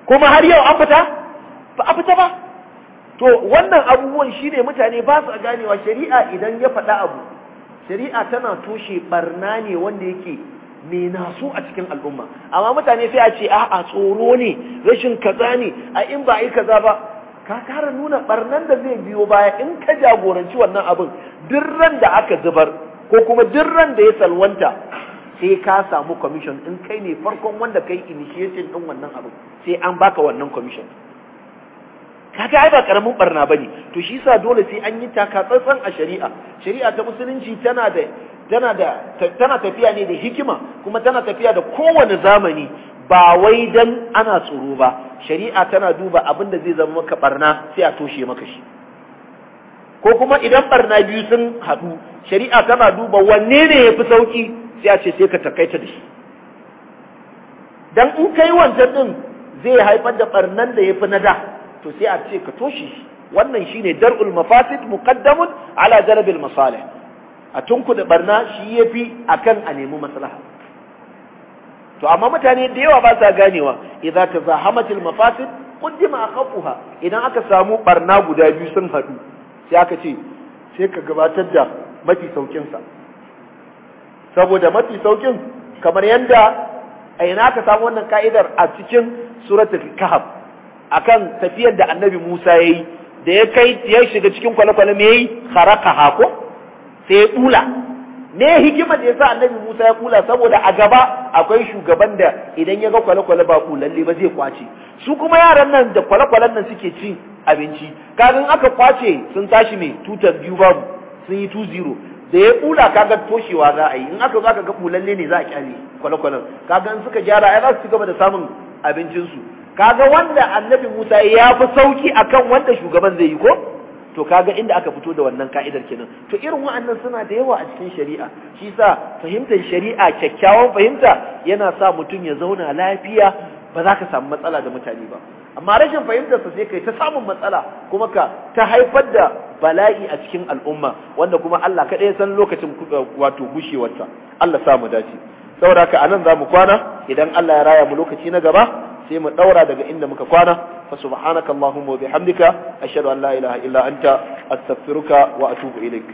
kuma har yau an fita ba a fita ba to wannan abubuwan shine mutane ba su ganewa shari'a idan ya faɗa abu shari'a tana toshe barna ne wanda yake me na a cikin al'umma amma mutane sai a ce a'a tsoro ne rashin kaza ne a in ba a yi kaza ba ka kara nuna barnan da zai biyo baya in ka jagoranci wannan abin duk ran da aka zubar ko kuma duk ran da ya salwanta sai ka samu commission in kai ne farkon wanda kai initiation din wannan abin sai an baka wannan commission kaga ai ba karamin barna bane to shi yasa dole sai an yi taka takatsantsan a shari'a shari'a ta musulunci tana da tana da tana tafiya ne da hikima kuma tana tafiya da kowane zamani ba wai dan ana tsoro ba shari'a tana duba abin da zai zama maka barna sai a toshe maka shi ko kuma idan barna biyu sun haɗu shari'a tana duba wanne ne yafi sauki sai a ce sai ka takaita da shi dan in kai wancan din zai haifar da barnan da ya fi na da to sai a ce ka toshe wannan shine dar'ul mafasid muqaddamun ala jalbil masalih a da barna shi yafi akan a nemi maslaha to amma mutane da yawa ba sa ganewa idza mafasit, mafasid a aqafuha idan aka samu barna guda biyu sun haɗu, sai aka ce sai ka gabatar da mafi saukin sa saboda mafi saukin kamar yanda a ina ka samu wannan ka'idar a cikin suratul kahf akan tafiyar da annabi Musa ya yi da ya kai ya shiga cikin kwale-kwale me yi haraka hako sai ya kula me hikima da yasa annabi Musa ya kula saboda a gaba akwai shugaban da idan ya ga kwale-kwale ba kulalle ba zai kwace su kuma yaran nan da kwale-kwalen nan suke cin abinci kafin aka kwace sun tashi me tutar biyu babu sun yi da ya kula kaga toshewa za a yi in aka zaka ga kulalle ne za a kyale kwale-kwalen kaga in suka gyara ai za su ci gaba da samun abincinsu kaga wanda annabi Musa ya fi sauki akan wanda shugaban zai yi ko to kaga inda aka fito da wannan ka'idar kenan to irin wa'annan suna da yawa a cikin shari'a shi yasa fahimtar shari'a kyakkyawan fahimta yana sa mutum ya zauna lafiya ba za ka samu matsala da mutane ba amma rashin fahimtar sa sai kai ta samun matsala kuma ka ta haifar da bala'i a cikin al'umma wanda kuma Allah kaɗai ya san lokacin eh, wato gushewarta Allah sa mu dace saboda haka anan za mu kwana idan Allah ya raya mu lokaci na gaba sai mu daura daga inda muka kwana fa subhanakallahumma wa bihamdika ashhadu an la ilaha illa anta astaghfiruka wa atubu ilaik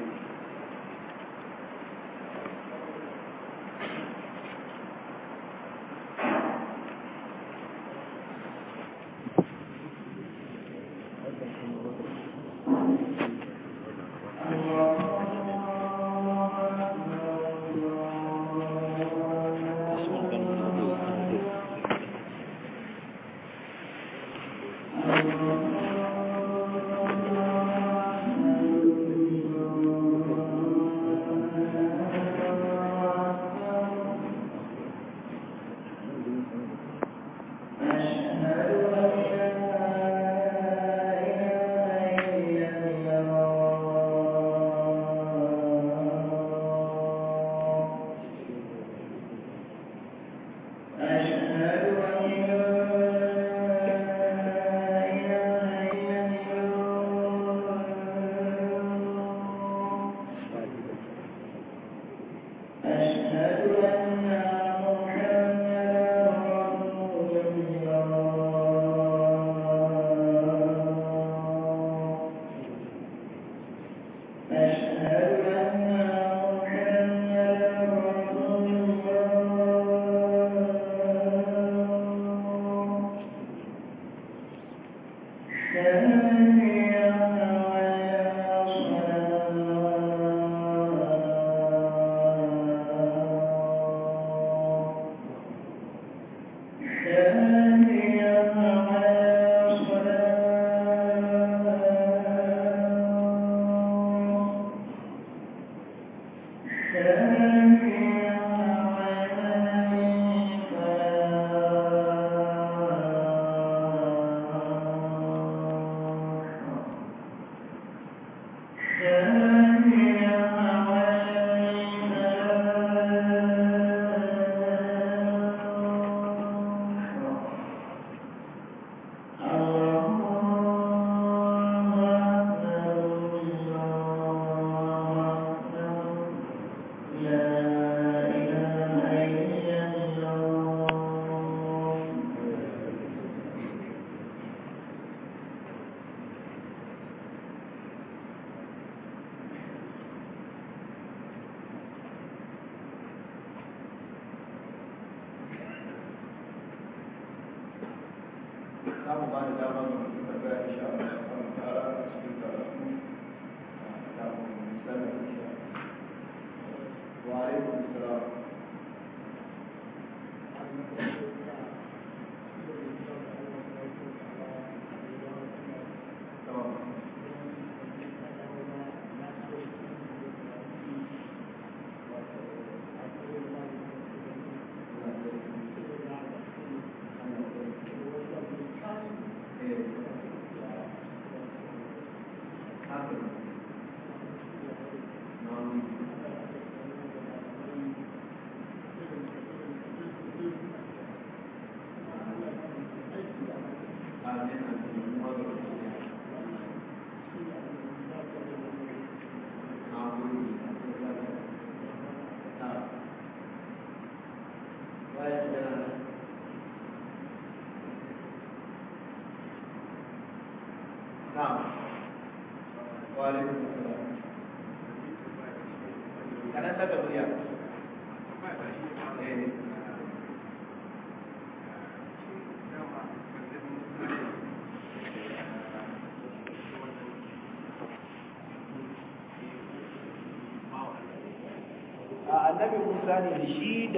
misali da shi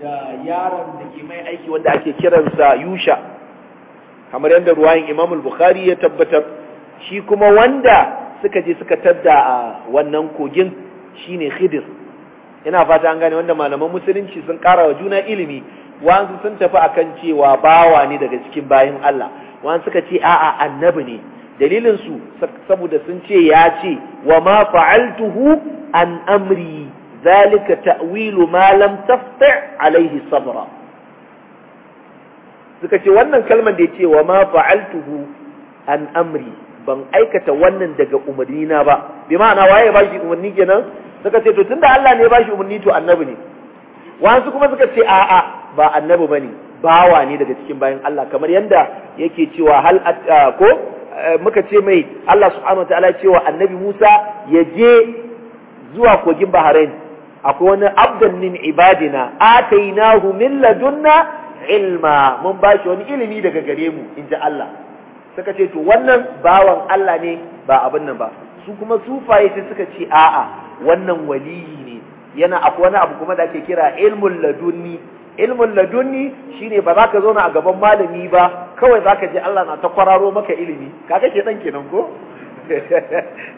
da yaron da ke mai aiki wanda ake kiransa yusha kamar yadda ruwayin imam al-bukhari ya tabbatar shi kuma wanda suka je suka tadda a wannan kogin shine khidir ina fata an gane wanda malaman musulunci sun kara wa juna ilimi wansu sun tafi akan cewa bawa ne daga cikin bayan Allah wansu suka ce a'a annabi ne dalilinsu saboda sun ce ya ce wa ma fa'altuhu an amri ذلك تأويل ما لم تفطع عليه صبرا suka ce wannan kalmar da ya ce wa ma fa'altuhu an amri ban aikata wannan daga umarni na ba bi ma'ana waye ba shi umarni kenan suka ce to tunda Allah ne ba shi umarni to annabi ne wasu kuma suka ce a'a ba annabi bane wa ne daga cikin bayan Allah kamar yanda yake cewa hal ko muka ce mai Allah subhanahu wataala cewa annabi Musa ya je zuwa kogin Bahrain akwai wani abdan min ibadina atainahu min ladunna ilma mun bashi wani ilimi daga gare mu inji Allah suka ce to wannan bawan Allah ne ba abin nan ba su kuma sufaye sai suka ce a'a wannan waliyi ne yana akwai wani abu kuma da ake kira ilmul ladunni ilmul ladunni shine ba za ka zo a gaban malami ba kawai za ka je Allah na ta kwararo maka ilimi ka kake dan kenan ko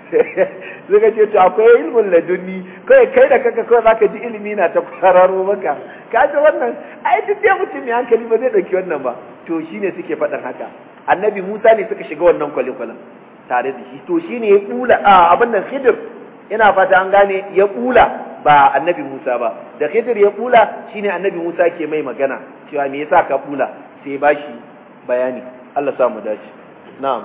suka ce to akwai ilmin ladunni kai kai da kanka kawai zaka ji ilimi na ta fararo maka ka wannan ai duk dai mutum mai hankali ba zai dauki wannan ba to shine suke faɗin haka annabi Musa ne suka shiga wannan kwale-kwalen tare da shi to shine ya kula a abin nan Khidir ina fata an gane ya kula ba annabi Musa ba da Khidir ya kula shine annabi Musa ke mai magana cewa me yasa ka kula sai bashi bayani Allah sa mu dace na'am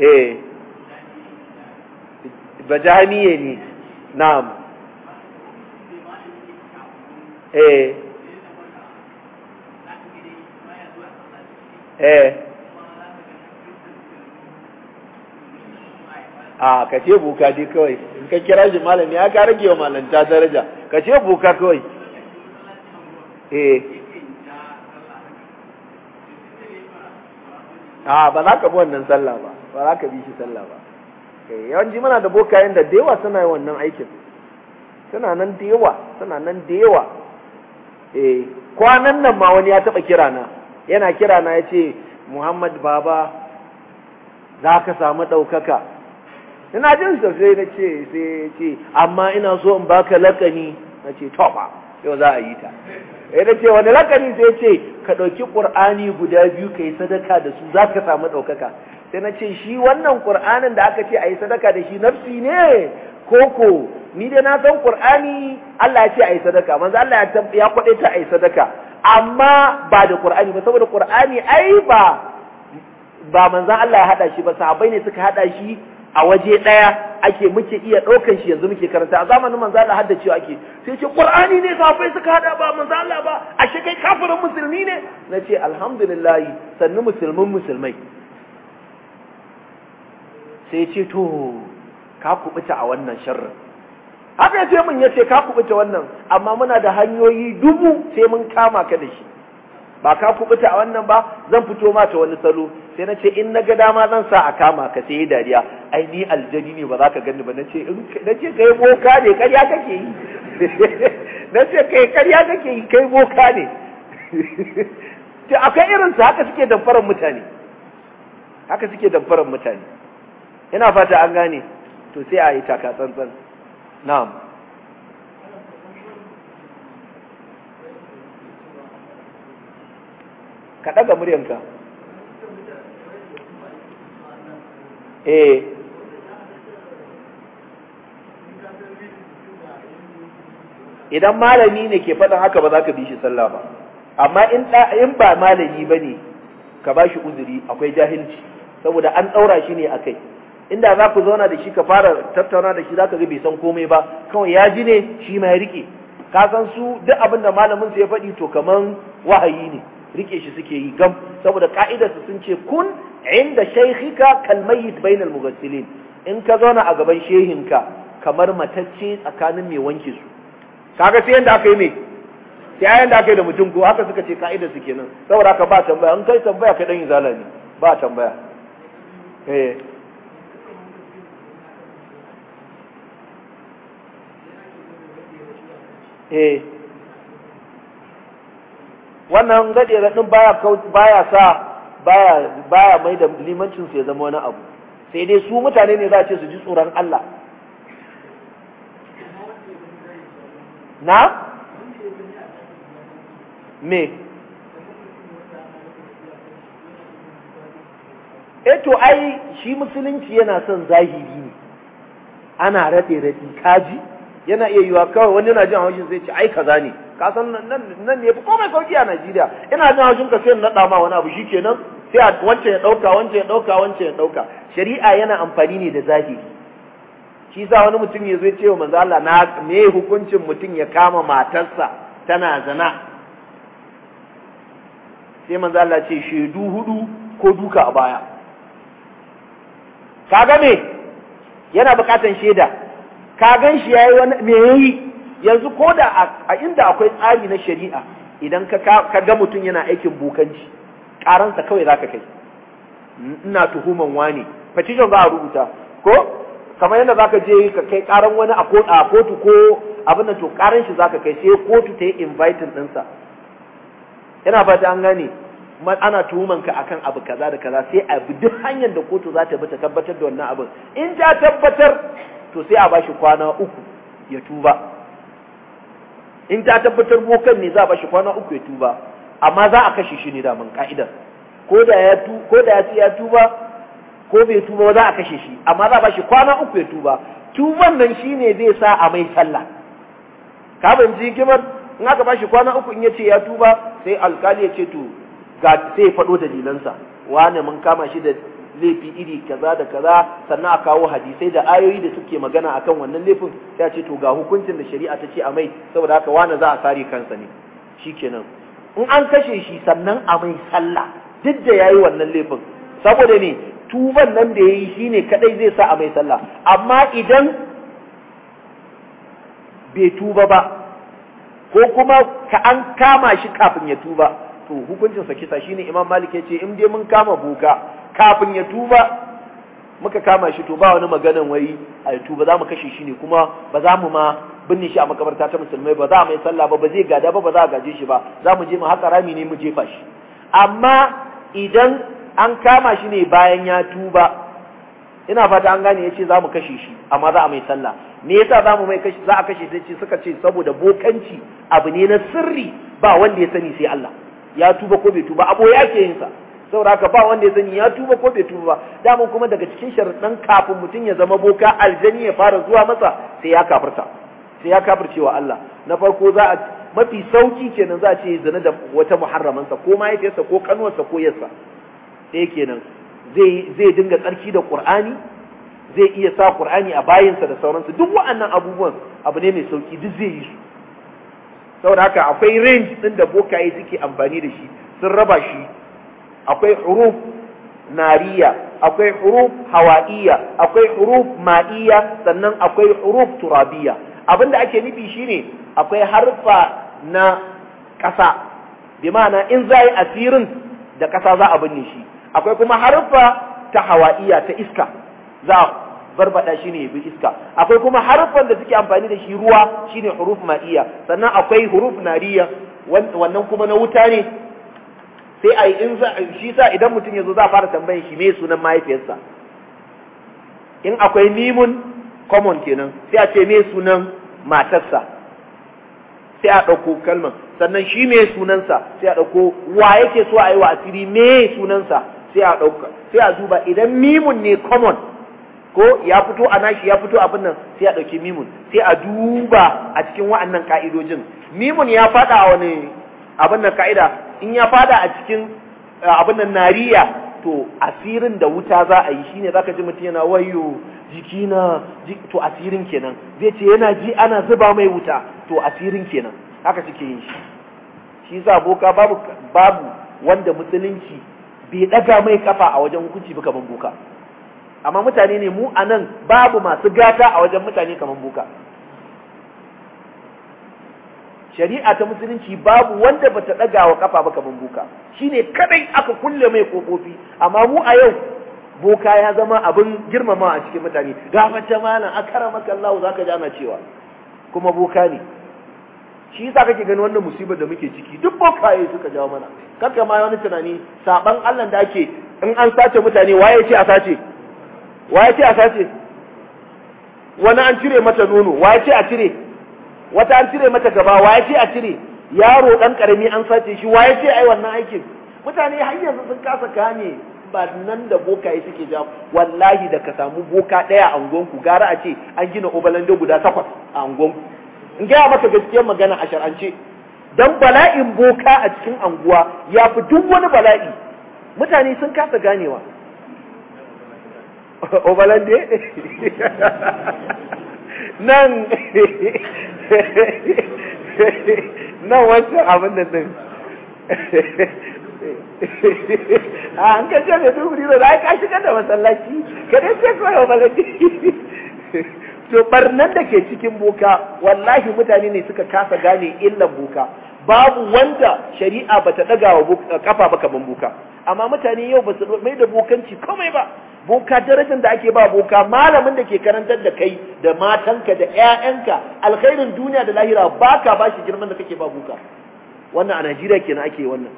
eh bajamiye ne na'am eh eh a ah, ka ce dai ka kira shi malami ya ka rage wa malanta daraja ka ce boka eh a ah, ba za ka bi wannan sallah ba ba za ka bi shi sallah ba eh, yawanci muna da bokayen da da yawa suna wannan aikin suna nan da yawa suna nan da yawa eh kwanan nan ma wani ya taba kira na yana kira na yace Muhammad baba za ka samu ɗaukaka ina jin sa sai na ce sai ya ce amma ina so in baka lakani na ce to ba yau za a yi ta ya eh, da ce wani lakani sai ya ce ka ɗauki ƙur'ani guda biyu ka yi sadaka da su za ka samu ɗaukaka sai na ce shi wannan ƙur'anin da aka ce a yi sadaka da shi nafsi ne koko ni da na san ƙur'ani Allah ya ce a yi sadaka manzo Allah ya kwaɗe ta a yi sadaka amma ba da ƙur'ani ba saboda ƙur'ani ai ba ba manzon Allah ya haɗa shi ba sahabbai ne suka haɗa shi a waje ɗaya ake muke iya ɗaukar shi yanzu muke karanta a zamanin manzo Allah hadda cewa ake sai ce qur'ani ne sahabbai suka hada ba manzo Allah ba ashe kai kafirin musulmi ne nace alhamdulillah sannu musulmin musulmai sai ce to ka kubuta a wannan sharrin haka ya ce min ya ce ka kubuta wannan amma muna da hanyoyi dubu sai mun kama ka da shi ba ka kubuta a wannan ba zan fito ma ta wani salo sai na ce in na ga dama zan sa a kama ka sai dariya ai ni aljani ne ba za ka gani ba na ce na ce kai boka ne karya kake yi na ce kai karya kake yi kai boka ne to akwai irin su haka suke damfarar mutane haka suke damfarar mutane ina fata an gane to sai a yi taka tsantsan na'am ka daga muryanka eh idan malami ne ke faɗin haka ba za ka bi shi sallah ba amma in ba malami ba ne ka ba shi uzuri akwai jahilci saboda an ɗaura shi ne a kai inda za ku zauna da shi ka fara tattauna da shi za ka ga bai san komai ba kawai ya ji ne shi ma ya rike ka san su duk abin da malamin su ya faɗi to kaman wahayi ne rike shi suke yi gam saboda ka'idarsu sun ce kun inda shaykhika kal mayyit bainal mughassilin in ka zauna a gaban shehinka kamar matacce tsakanin mai wanke su kaga sai yanda aka yi sai ayan da aka yi da mutum ko haka suka ce ka'idar su kenan saboda haka ba tambaya in kai tambaya kai dan yi ne ba tambaya eh Eh. wannan wannan da radin baya baya sa baya baya mai da limancin su ya zama wani abu sai dai su mutane ne za a ce su ji tsoron Allah na me eto eh ai shi musulunci yana son zahiri ne ana raɗe raɗi kaji yana iya yiwa kawai wani yana jin haushin sai ce ai kaza ne ka san nan nan ne fi komai sauki a Najeriya ina jin haushin ka sai na dama wani abu shikenan sai wancan ya dauka wancan ya dauka wancan ya dauka shari'a yana amfani ne da zahiri shi sa wani mutum ya zo ce wa manzo Allah na me hukuncin mutum ya kama matarsa tana zana sai manzo Allah ce shedu hudu ko duka a baya kaga me yana bukatan shaida ka gan shi yayi wani me yanzu ko da a inda akwai tsari na shari'a idan ka ga mutum yana aikin bukanci karansa kawai za ka kai ina tuhuman wani petition za a rubuta ko kamar yadda za ka je ka kai karan wani a kotu ko abin da to karan shi za ka kai sai kotu ta yi inviting ɗinsa yana fata an gane ana tuhuman ka akan abu kaza da kaza sai a duk hanyar da kotu za ta bi ta tabbatar da wannan abin in ta tabbatar to sai a bashi kwana uku ya tuba in ta tabbatar bokan ne za a bashi kwana uku ya tuba amma za a kashe shi ne da man ka'idar ko da ya tu ko da ya ya tuba ko bai tuba za a kashe shi amma za a bashi kwana uku ya tuba tuban nan shine zai sa a mai sallah ka ban ji gimar in aka bashi kwana uku in ya ce ya tuba sai alkali ya ce to ga sai faɗo dalilansa wane mun kama shi da laifi iri kaza da kaza sannan a kawo hadisai da ayoyi da suke magana akan wannan laifin sai a ce to ga hukuncin da shari'a ta ce a mai saboda haka wani za a sare kansa ne shikenan in an kashe shi sannan a mai sallah duk da yayi wannan laifin saboda ne tuban nan da yayi ne kadai zai sa a mai sallah amma idan bai tuba ba ko kuma ka an kama shi kafin ya tuba to hukuncin sa kisa shine imam malik ya ce in dai mun kama boka kafin ya tuba muka kama shi to ba wani maganan wai a tuba za mu kashe shi ne kuma ba za mu ma binne shi a makabarta ta musulmai ba za mu yi sallah ba ba zai gada ba ba za a gaje shi ba za mu je mu haka rami ne mu jefa shi amma idan an kama shi ne bayan ya tuba ina fata an gane yace za mu kashe shi amma za a mai sallah me yasa za mu mai kashe za a kashe sai ce suka ce saboda bokanci abu ne na sirri ba wanda ya sani sai Allah ya tuba ko bai tuba abo ya ke sa saboda haka ba wanda ya sani ya tuba ko bai tuba ba dama kuma daga cikin sharadin kafin mutum ya zama boka aljani ya fara zuwa masa sai ya kafirta sai ya kafircewa Allah na farko za a mafi sauki kenan za a ce zina da wata muharramansa ko mahaifiyarsa ko kanuwarsa ko yarsa sai kenan zai zai dinga tsarki da Qur'ani zai iya sa Qur'ani a bayinsa da sauransu duk wa'annan abubuwan abu ne mai sauki duk zai yi su saboda haka akwai range ɗin da bokaye suke amfani da shi sun raba shi akwai huruf nariya akwai huruf hawa'iyya akwai huruf ma'iya sannan akwai huruf turabiyya da ake nufi shine akwai harfa na ƙasa bi ma'ana in za yi asirin da ƙasa za a binne shi akwai kuma harfa ta hawa'iyya ta iska za barbada ne bi iska akwai kuma harfan da suke amfani da shi ruwa shi ne huruf ma'iya sannan akwai huruf nariya wannan kuma na wuta ne sai ai in shi sa idan mutum ya zo za a fara tambayin shi me sunan mahaifiyarsa in akwai nimun common kenan sai a ce me sunan matarsa sai a ɗauko kalmar sannan shi me sunansa sai a ɗauko wa yake so a yi wa asiri me sunansa sai a ɗauka sai a duba idan mimun ne common ko ya fito a nashi ya fito abin nan sai a ɗauki mimun sai a duba a cikin wa'annan ka'idojin mimun ya fada a wani abin nan ka'ida in ya fada a cikin abin nan nariya to asirin da wuta za a yi shine zaka ji mutum yana wayo jikina to asirin kenan zai ce yana ji ana zuba mai wuta to asirin kenan haka suke yin shi shi sa boka babu babu wanda musulunci bai daga mai kafa a wajen hukunci buka ban boka amma mutane ne mu a nan babu masu gata a wajen mutane kamar buka shari'a ta musulunci babu wanda ba ta ɗaga wa kafa ba kamar buka ne kaɗai aka kulle mai kofofi amma mu a yau boka ya zama abin girmama a cikin mutane gafata malam kara maka Allah za ji ana cewa kuma boka ne shi yasa kake gani wannan musibar da muke ciki duk bokaye suka jawo mana kanka ma wani tunani saɓan Allah da ake in an sace mutane waye ce a sace waye ce a sace wani an cire mata nono waye ce a cire wata an cire mata gaba waye ce a cire yaro dan karami an sace shi waye ce ai wannan aikin mutane har yanzu sun kasa gane ba nan da boka bokaye suke jawo wallahi da ka samu boka daya a unguwanku gara a ce an gina obalando guda takwas a unguwanku in gaya maka gaskiyar magana a shar'ance dan bala'in boka a cikin anguwa ya fi duk wani bala'i mutane sun kasa ganewa obalande eh? nan nan wasu abin da zai a an kace mai duburi da ai ka shiga da masallaci ka dai ce kawai obalande to barnan da ke cikin buka wallahi mutane ne suka kasa gane illan buka. babu wanda shari'a bata ɗaga wa kafa ba kamar boka amma mutane yau ba su mai da bokanci komai ba boka darajar da ake ba boka malamin da ke karantar da kai da matanka da 'ya'yanka, alkhairin duniya da lahira baka bashi girman da kake ba boka wannan a Najeriya kenan ake wannan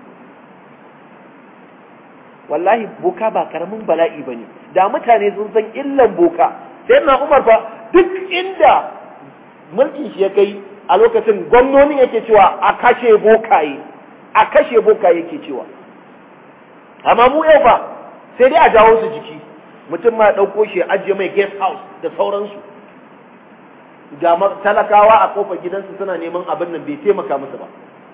wallahi boka ba karamin bala'i ba ne da mutane sun san illan boka sai na Umar fa duk inda mulkin shi ya kai a lokacin gwamnonin yake cewa a kashe bokaye a kashe bokaye yake cewa amma mu yau fa sai dai a jawo su jiki mutum ma ɗauko shi ajiye mai guest house da sauransu ga talakawa a kofar gidansu suna neman abin nan bai taimaka musu ba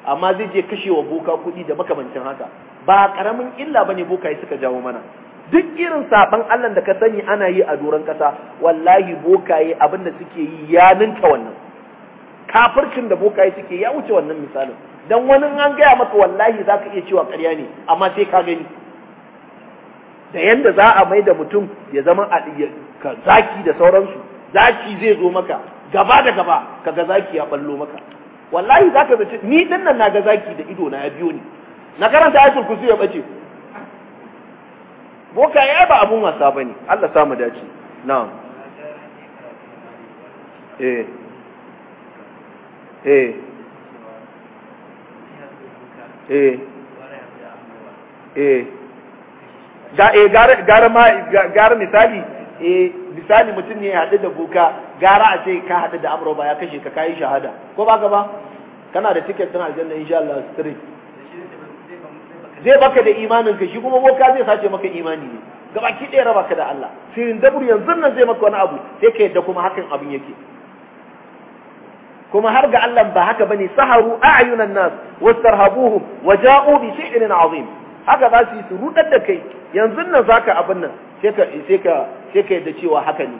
amma zai je kashewa boka kuɗi da makamancin haka ba karamin illa ba ne bokaye suka jawo mana duk irin saban Allah da ka sani ana yi a doron kasa wallahi bokaye abin da suke yi ya ninka wannan kafircin da boka yi suke ya wuce wannan misalin don wani an gaya maka wallahi za ka iya cewa karya ne amma sai ka gani da yadda za a mai da mutum ya zama a ka zaki da sauransu zaki zai zo maka gaba da gaba ka ga zaki ya ballo maka wallahi ka zace ni din nan na ga zaki da ido na ya biyo ni na karanta ayatul kursi ya bace boka ya ba abun wasa bane Allah samu dace na'am eh eh eh, eh. eh gara ma gara misali eh misali mutum ne ya haɗu da buka gara a ce ka haɗu da amurwa ya kashe ka kayi shahada ko ba gaba ba kana da tiket din aljanna insha Allah straight zai baka da imanin ka shi kuma boka zai sace maka imani ne Gaba ki ɗaya raba ka da Allah sirin dabur yanzu nan zai maka wani abu sai ka yadda kuma hakan abin yake kuma har ga Allah ba haka bane saharu a'yunan nas wastarhabuhum waja'u bi shi'rin azim haka za su yi su rudar da kai yanzu nan zaka abin nan sai ka sai ka sai ka yadda cewa haka ne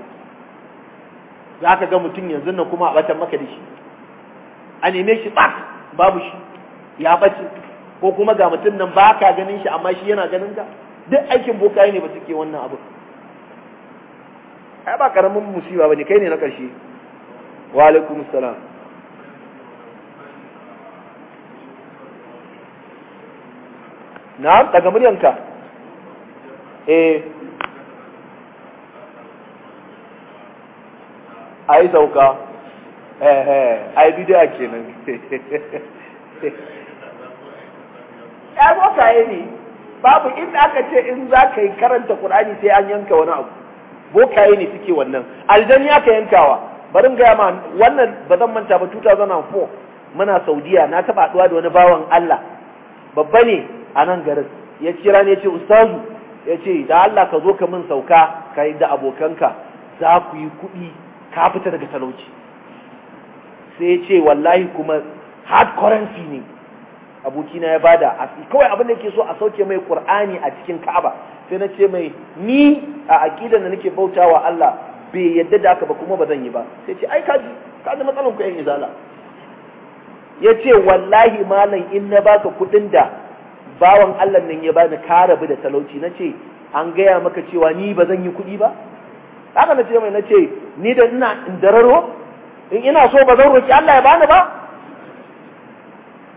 zaka ga mutum yanzu nan kuma a batan maka da shi a neme shi tsaf babu shi ya bace ko kuma ga mutum nan ba ka ganin shi amma shi yana ganin ka duk aikin bokaye ne ba suke wannan abu ai ba karamin musiba bane kai ne na ƙarshe. wa alaikum salam na daga muryanka eh ai sauka eh eh ai kenan ne babu in aka ce in za yi karanta qur'ani sai an yanka wani abu bokaye ne suke wannan aljan ya ka yankawa barin gaya ma wannan ba zan manta ba 2004 muna saudiya na taba haɗuwa da wani bawan Allah babba ne a nan garin ya kira ne ya ce ustazu ya ce da Allah ka zo ka min sauka ka yi da abokanka za ku yi kuɗi ka fita daga talauci sai ya ce wallahi kuma hard currency ne abokina ya bada kawai abin da yake so a sauke mai qur'ani a cikin ka'aba sai na ce mai ni a aqidan da nake bautawa Allah bai yadda da aka ba kuma ba zan yi ba sai ce ai kaji kaji matsalan ku yan izala ya ce wallahi malam in na baka kuɗin da bawan Allah nan ya bani ka da talauci nace an gaya maka cewa ni bazan yi kuɗi ba haka nace mai nace ni da ina in in ina so ba zan roki Allah ya bani ba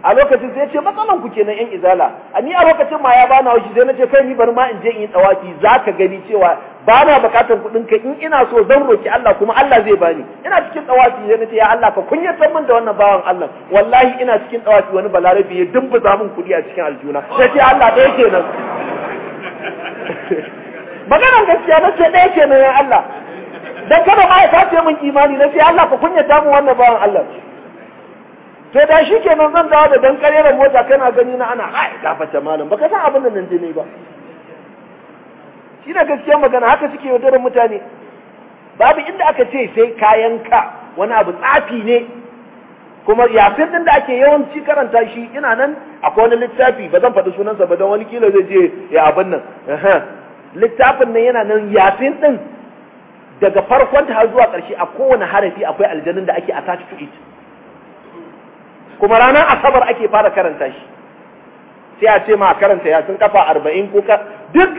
a lokacin sai ce matsalan ku kenan yan izala a ni a lokacin ma ya bana washi sai na ce kai ni bari ma in je in yi tsawafi zaka gani cewa ba na bukatar kudin ka in ina so zan roki Allah kuma Allah zai bani ina cikin tsawaki sai na ce ya Allah ka kunyatar min da wannan bawan Allah wallahi ina cikin tsawaki wani balarabi ya dumbuza min kuɗi a cikin aljuna sai ce Allah ɗaya kenan maganar gaskiya na ce ɗaya kenan ya Allah dan kada ma ya sace min imani na ce Allah ka kunyata min wannan bawan Allah to da shi kenan zan dawo da dan karerar mota kana gani na ana ai gafata malam baka san abin da nan ne ba shi na gaskiyar magana haka suke yaudarar mutane babu inda aka ce sai kayan ka wani abu tsafi ne kuma yafin din da ake yawanci karanta shi ina nan akwai wani littafi ba zan faɗi sunansa ba don wani kilo zai je ya abin nan littafin nan yana nan yafin din daga farkon ta har zuwa ƙarshe a kowane harafi akwai aljanun da ake attached to it kuma ranar asabar ake fara karanta shi sai a ce ma karanta ya sun kafa arba'in ko duk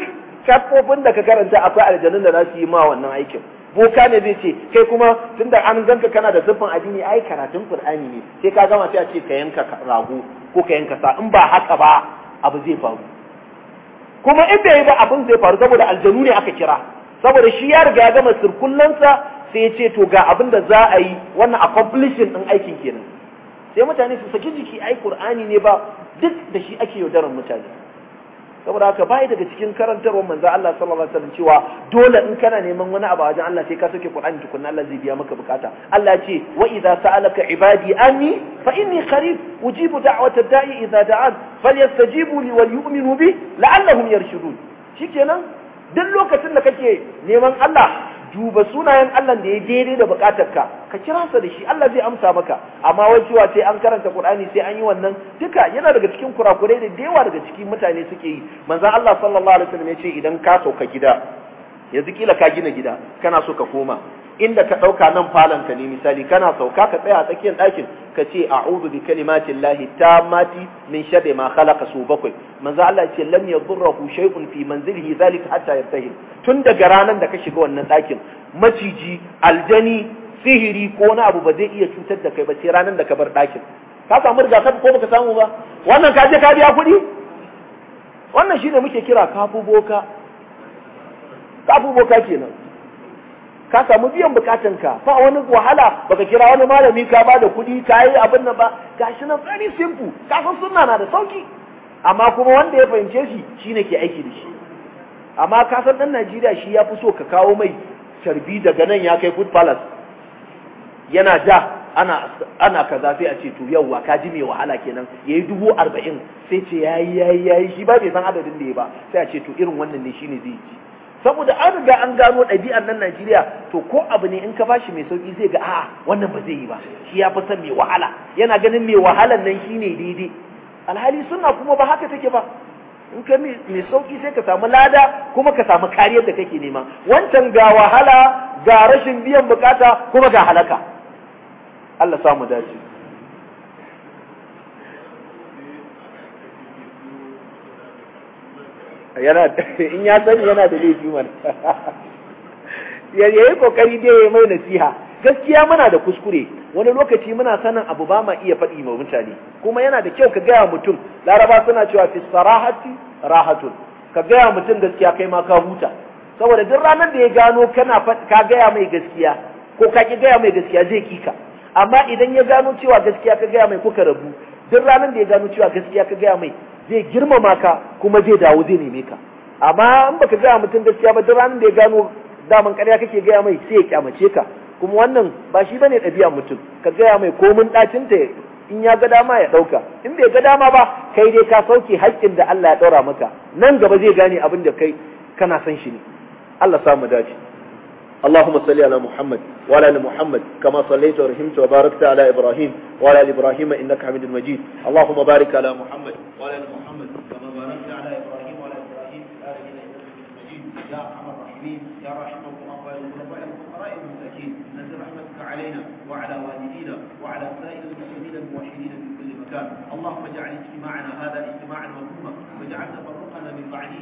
kafofin da ka karanta akwai aljanun da za su yi ma wannan aikin boka ne zai ce kai kuma tun da an ganka kana da zufin addini ai karatun qur'ani ne sai ka gama sai a ce ka yanka rago ko ka yanka sa in ba haka ba abu zai faru kuma in bai ba abin zai faru saboda aljanu ne aka kira saboda shi ya riga ya gama sirkullansa sai ya ce to ga abin da za a yi wannan accomplishing din aikin kenan sai mutane su saki jiki ai qur'ani ne ba duk da shi ake yaudarar mutane saboda haka bai daga cikin karantarwar manzo Allah sallallahu alaihi wasallam cewa dole in kana neman wani abu wajen Allah sai ka soke Qur'ani tukunna Allah zai biya maka bukata Allah ce wa idza sa'alaka ibadi anni fa inni qarib ujibu da'wata da'i idza da'an falyastajibu li wal yu'minu bi la'allahum yarshudun shikenan duk lokacin da kake neman Allah duba sunayen Allah da ya daidai da bukatarka ka kira sa da shi Allah zai amsa maka amma wai cewa sai an karanta Qur'ani sai an yi wannan duka yana daga cikin kurakurai da dewa daga cikin mutane suke yi manzon Allah sallallahu alaihi wasallam ya ce idan ka sauka gida yanzu kila ka gina gida kana so ka koma inda ka ɗauka nan ka ne misali kana sauka ka tsaya a tsakiyar ɗakin ka ce a'udhu bi kalimatin lahi tammati min sharri ma khalaqa su bakwai manzo Allah ce lam yadurruhu shay'un fi manzilihi zalika hatta yartahi tun daga ranar da ka shiga wannan ɗakin maciji aljani sihiri ko wani abu ba zai iya cutar da kai ba sai ranar da ka bar ɗakin ka samu rigakafi ko baka samu ba wannan ka je ka biya kuɗi wannan shine muke kira kafu boka kafu boka kenan ka samu biyan ka fa wani wahala baka kira wani malami ka bada kuɗi ka yi abin nan ba gashi nan very simple ka san sunna na da sauki amma kuma wanda ya fahimce shi shine ke aiki da shi amma ka san dan Najeriya shi ya fi so ka kawo mai carbi daga nan ya kai food palace yana ja ana ana kaza sai a ce to yauwa ka ji mai wahala kenan yayi dubu arba'in sai ce yayi yayi yayi shi ba bai san adadin da ya ba sai a ce to irin wannan ne shine zai ci saboda an riga an gano ɗabi'ar nan Najeriya to ko abu ne in ka bashi mai sauki zai ga a'a wannan ba zai yi ba shi ya fi son mai wahala yana ganin mai wahalan nan shine daidai alhali suna kuma ba haka take ba in ka mai sauki sai ka samu lada kuma ka samu kariyar da kake nema wancan ga wahala ga rashin biyan bukata kuma ga halaka Allah samu dace yana in ya sani yana da laifi mana ya yi kokari dai ya mai nasiha gaskiya muna da kuskure wani lokaci muna sanin abu ba ma iya faɗi ma mutane kuma yana da kyau ka gaya mutum laraba suna cewa fi sarahati rahatun ka gaya mutum gaskiya kai ma ka huta saboda duk ranar da ya gano kana ka gaya mai gaskiya ko ka ki gaya mai gaskiya zai kika amma idan ya gano cewa gaskiya ka gaya mai kuka rabu duk ranar da ya gano cewa gaskiya ka gaya mai zai girmama ka kuma zai dawo zai neme ka amma in baka gaya mutum gaskiya ba duk ranar da ya gano daman ƙarya kake gaya mai sai ya kyamace ka kuma wannan ba shi bane ɗabi'a mutum ka gaya mai komin ɗacin ta in ya ga dama ya ɗauka in bai ga dama ba kai dai ka sauke haƙƙin da Allah ya ɗaura maka nan gaba zai gane abin da kai kana son shi ne Allah samu dace اللهم صل على محمد وعلى ال محمد كما صليت ورحمت وباركت على ابراهيم وعلى ال ابراهيم انك حميد مجيد اللهم بارك على محمد وعلى ال محمد كما باركت على ابراهيم وعلى ال ابراهيم انك حميد مجيد يا ارحم الراحمين يا رحمة الله الفقراء المساكين نزل رحمتك علينا وعلى والدينا وعلى سائر المسلمين الموحدين في كل مكان اللهم اجعل اجتماعنا هذا اجتماعا وكما واجعل تفرقنا من بعده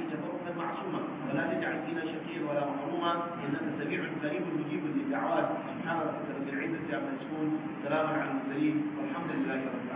ولا تجعل فينا شقيا ولا محروما انك سميع قريب مجيب للدعوات سبحان ربك رب العزه عما يصفون سلام على المرسلين والحمد لله رب العالمين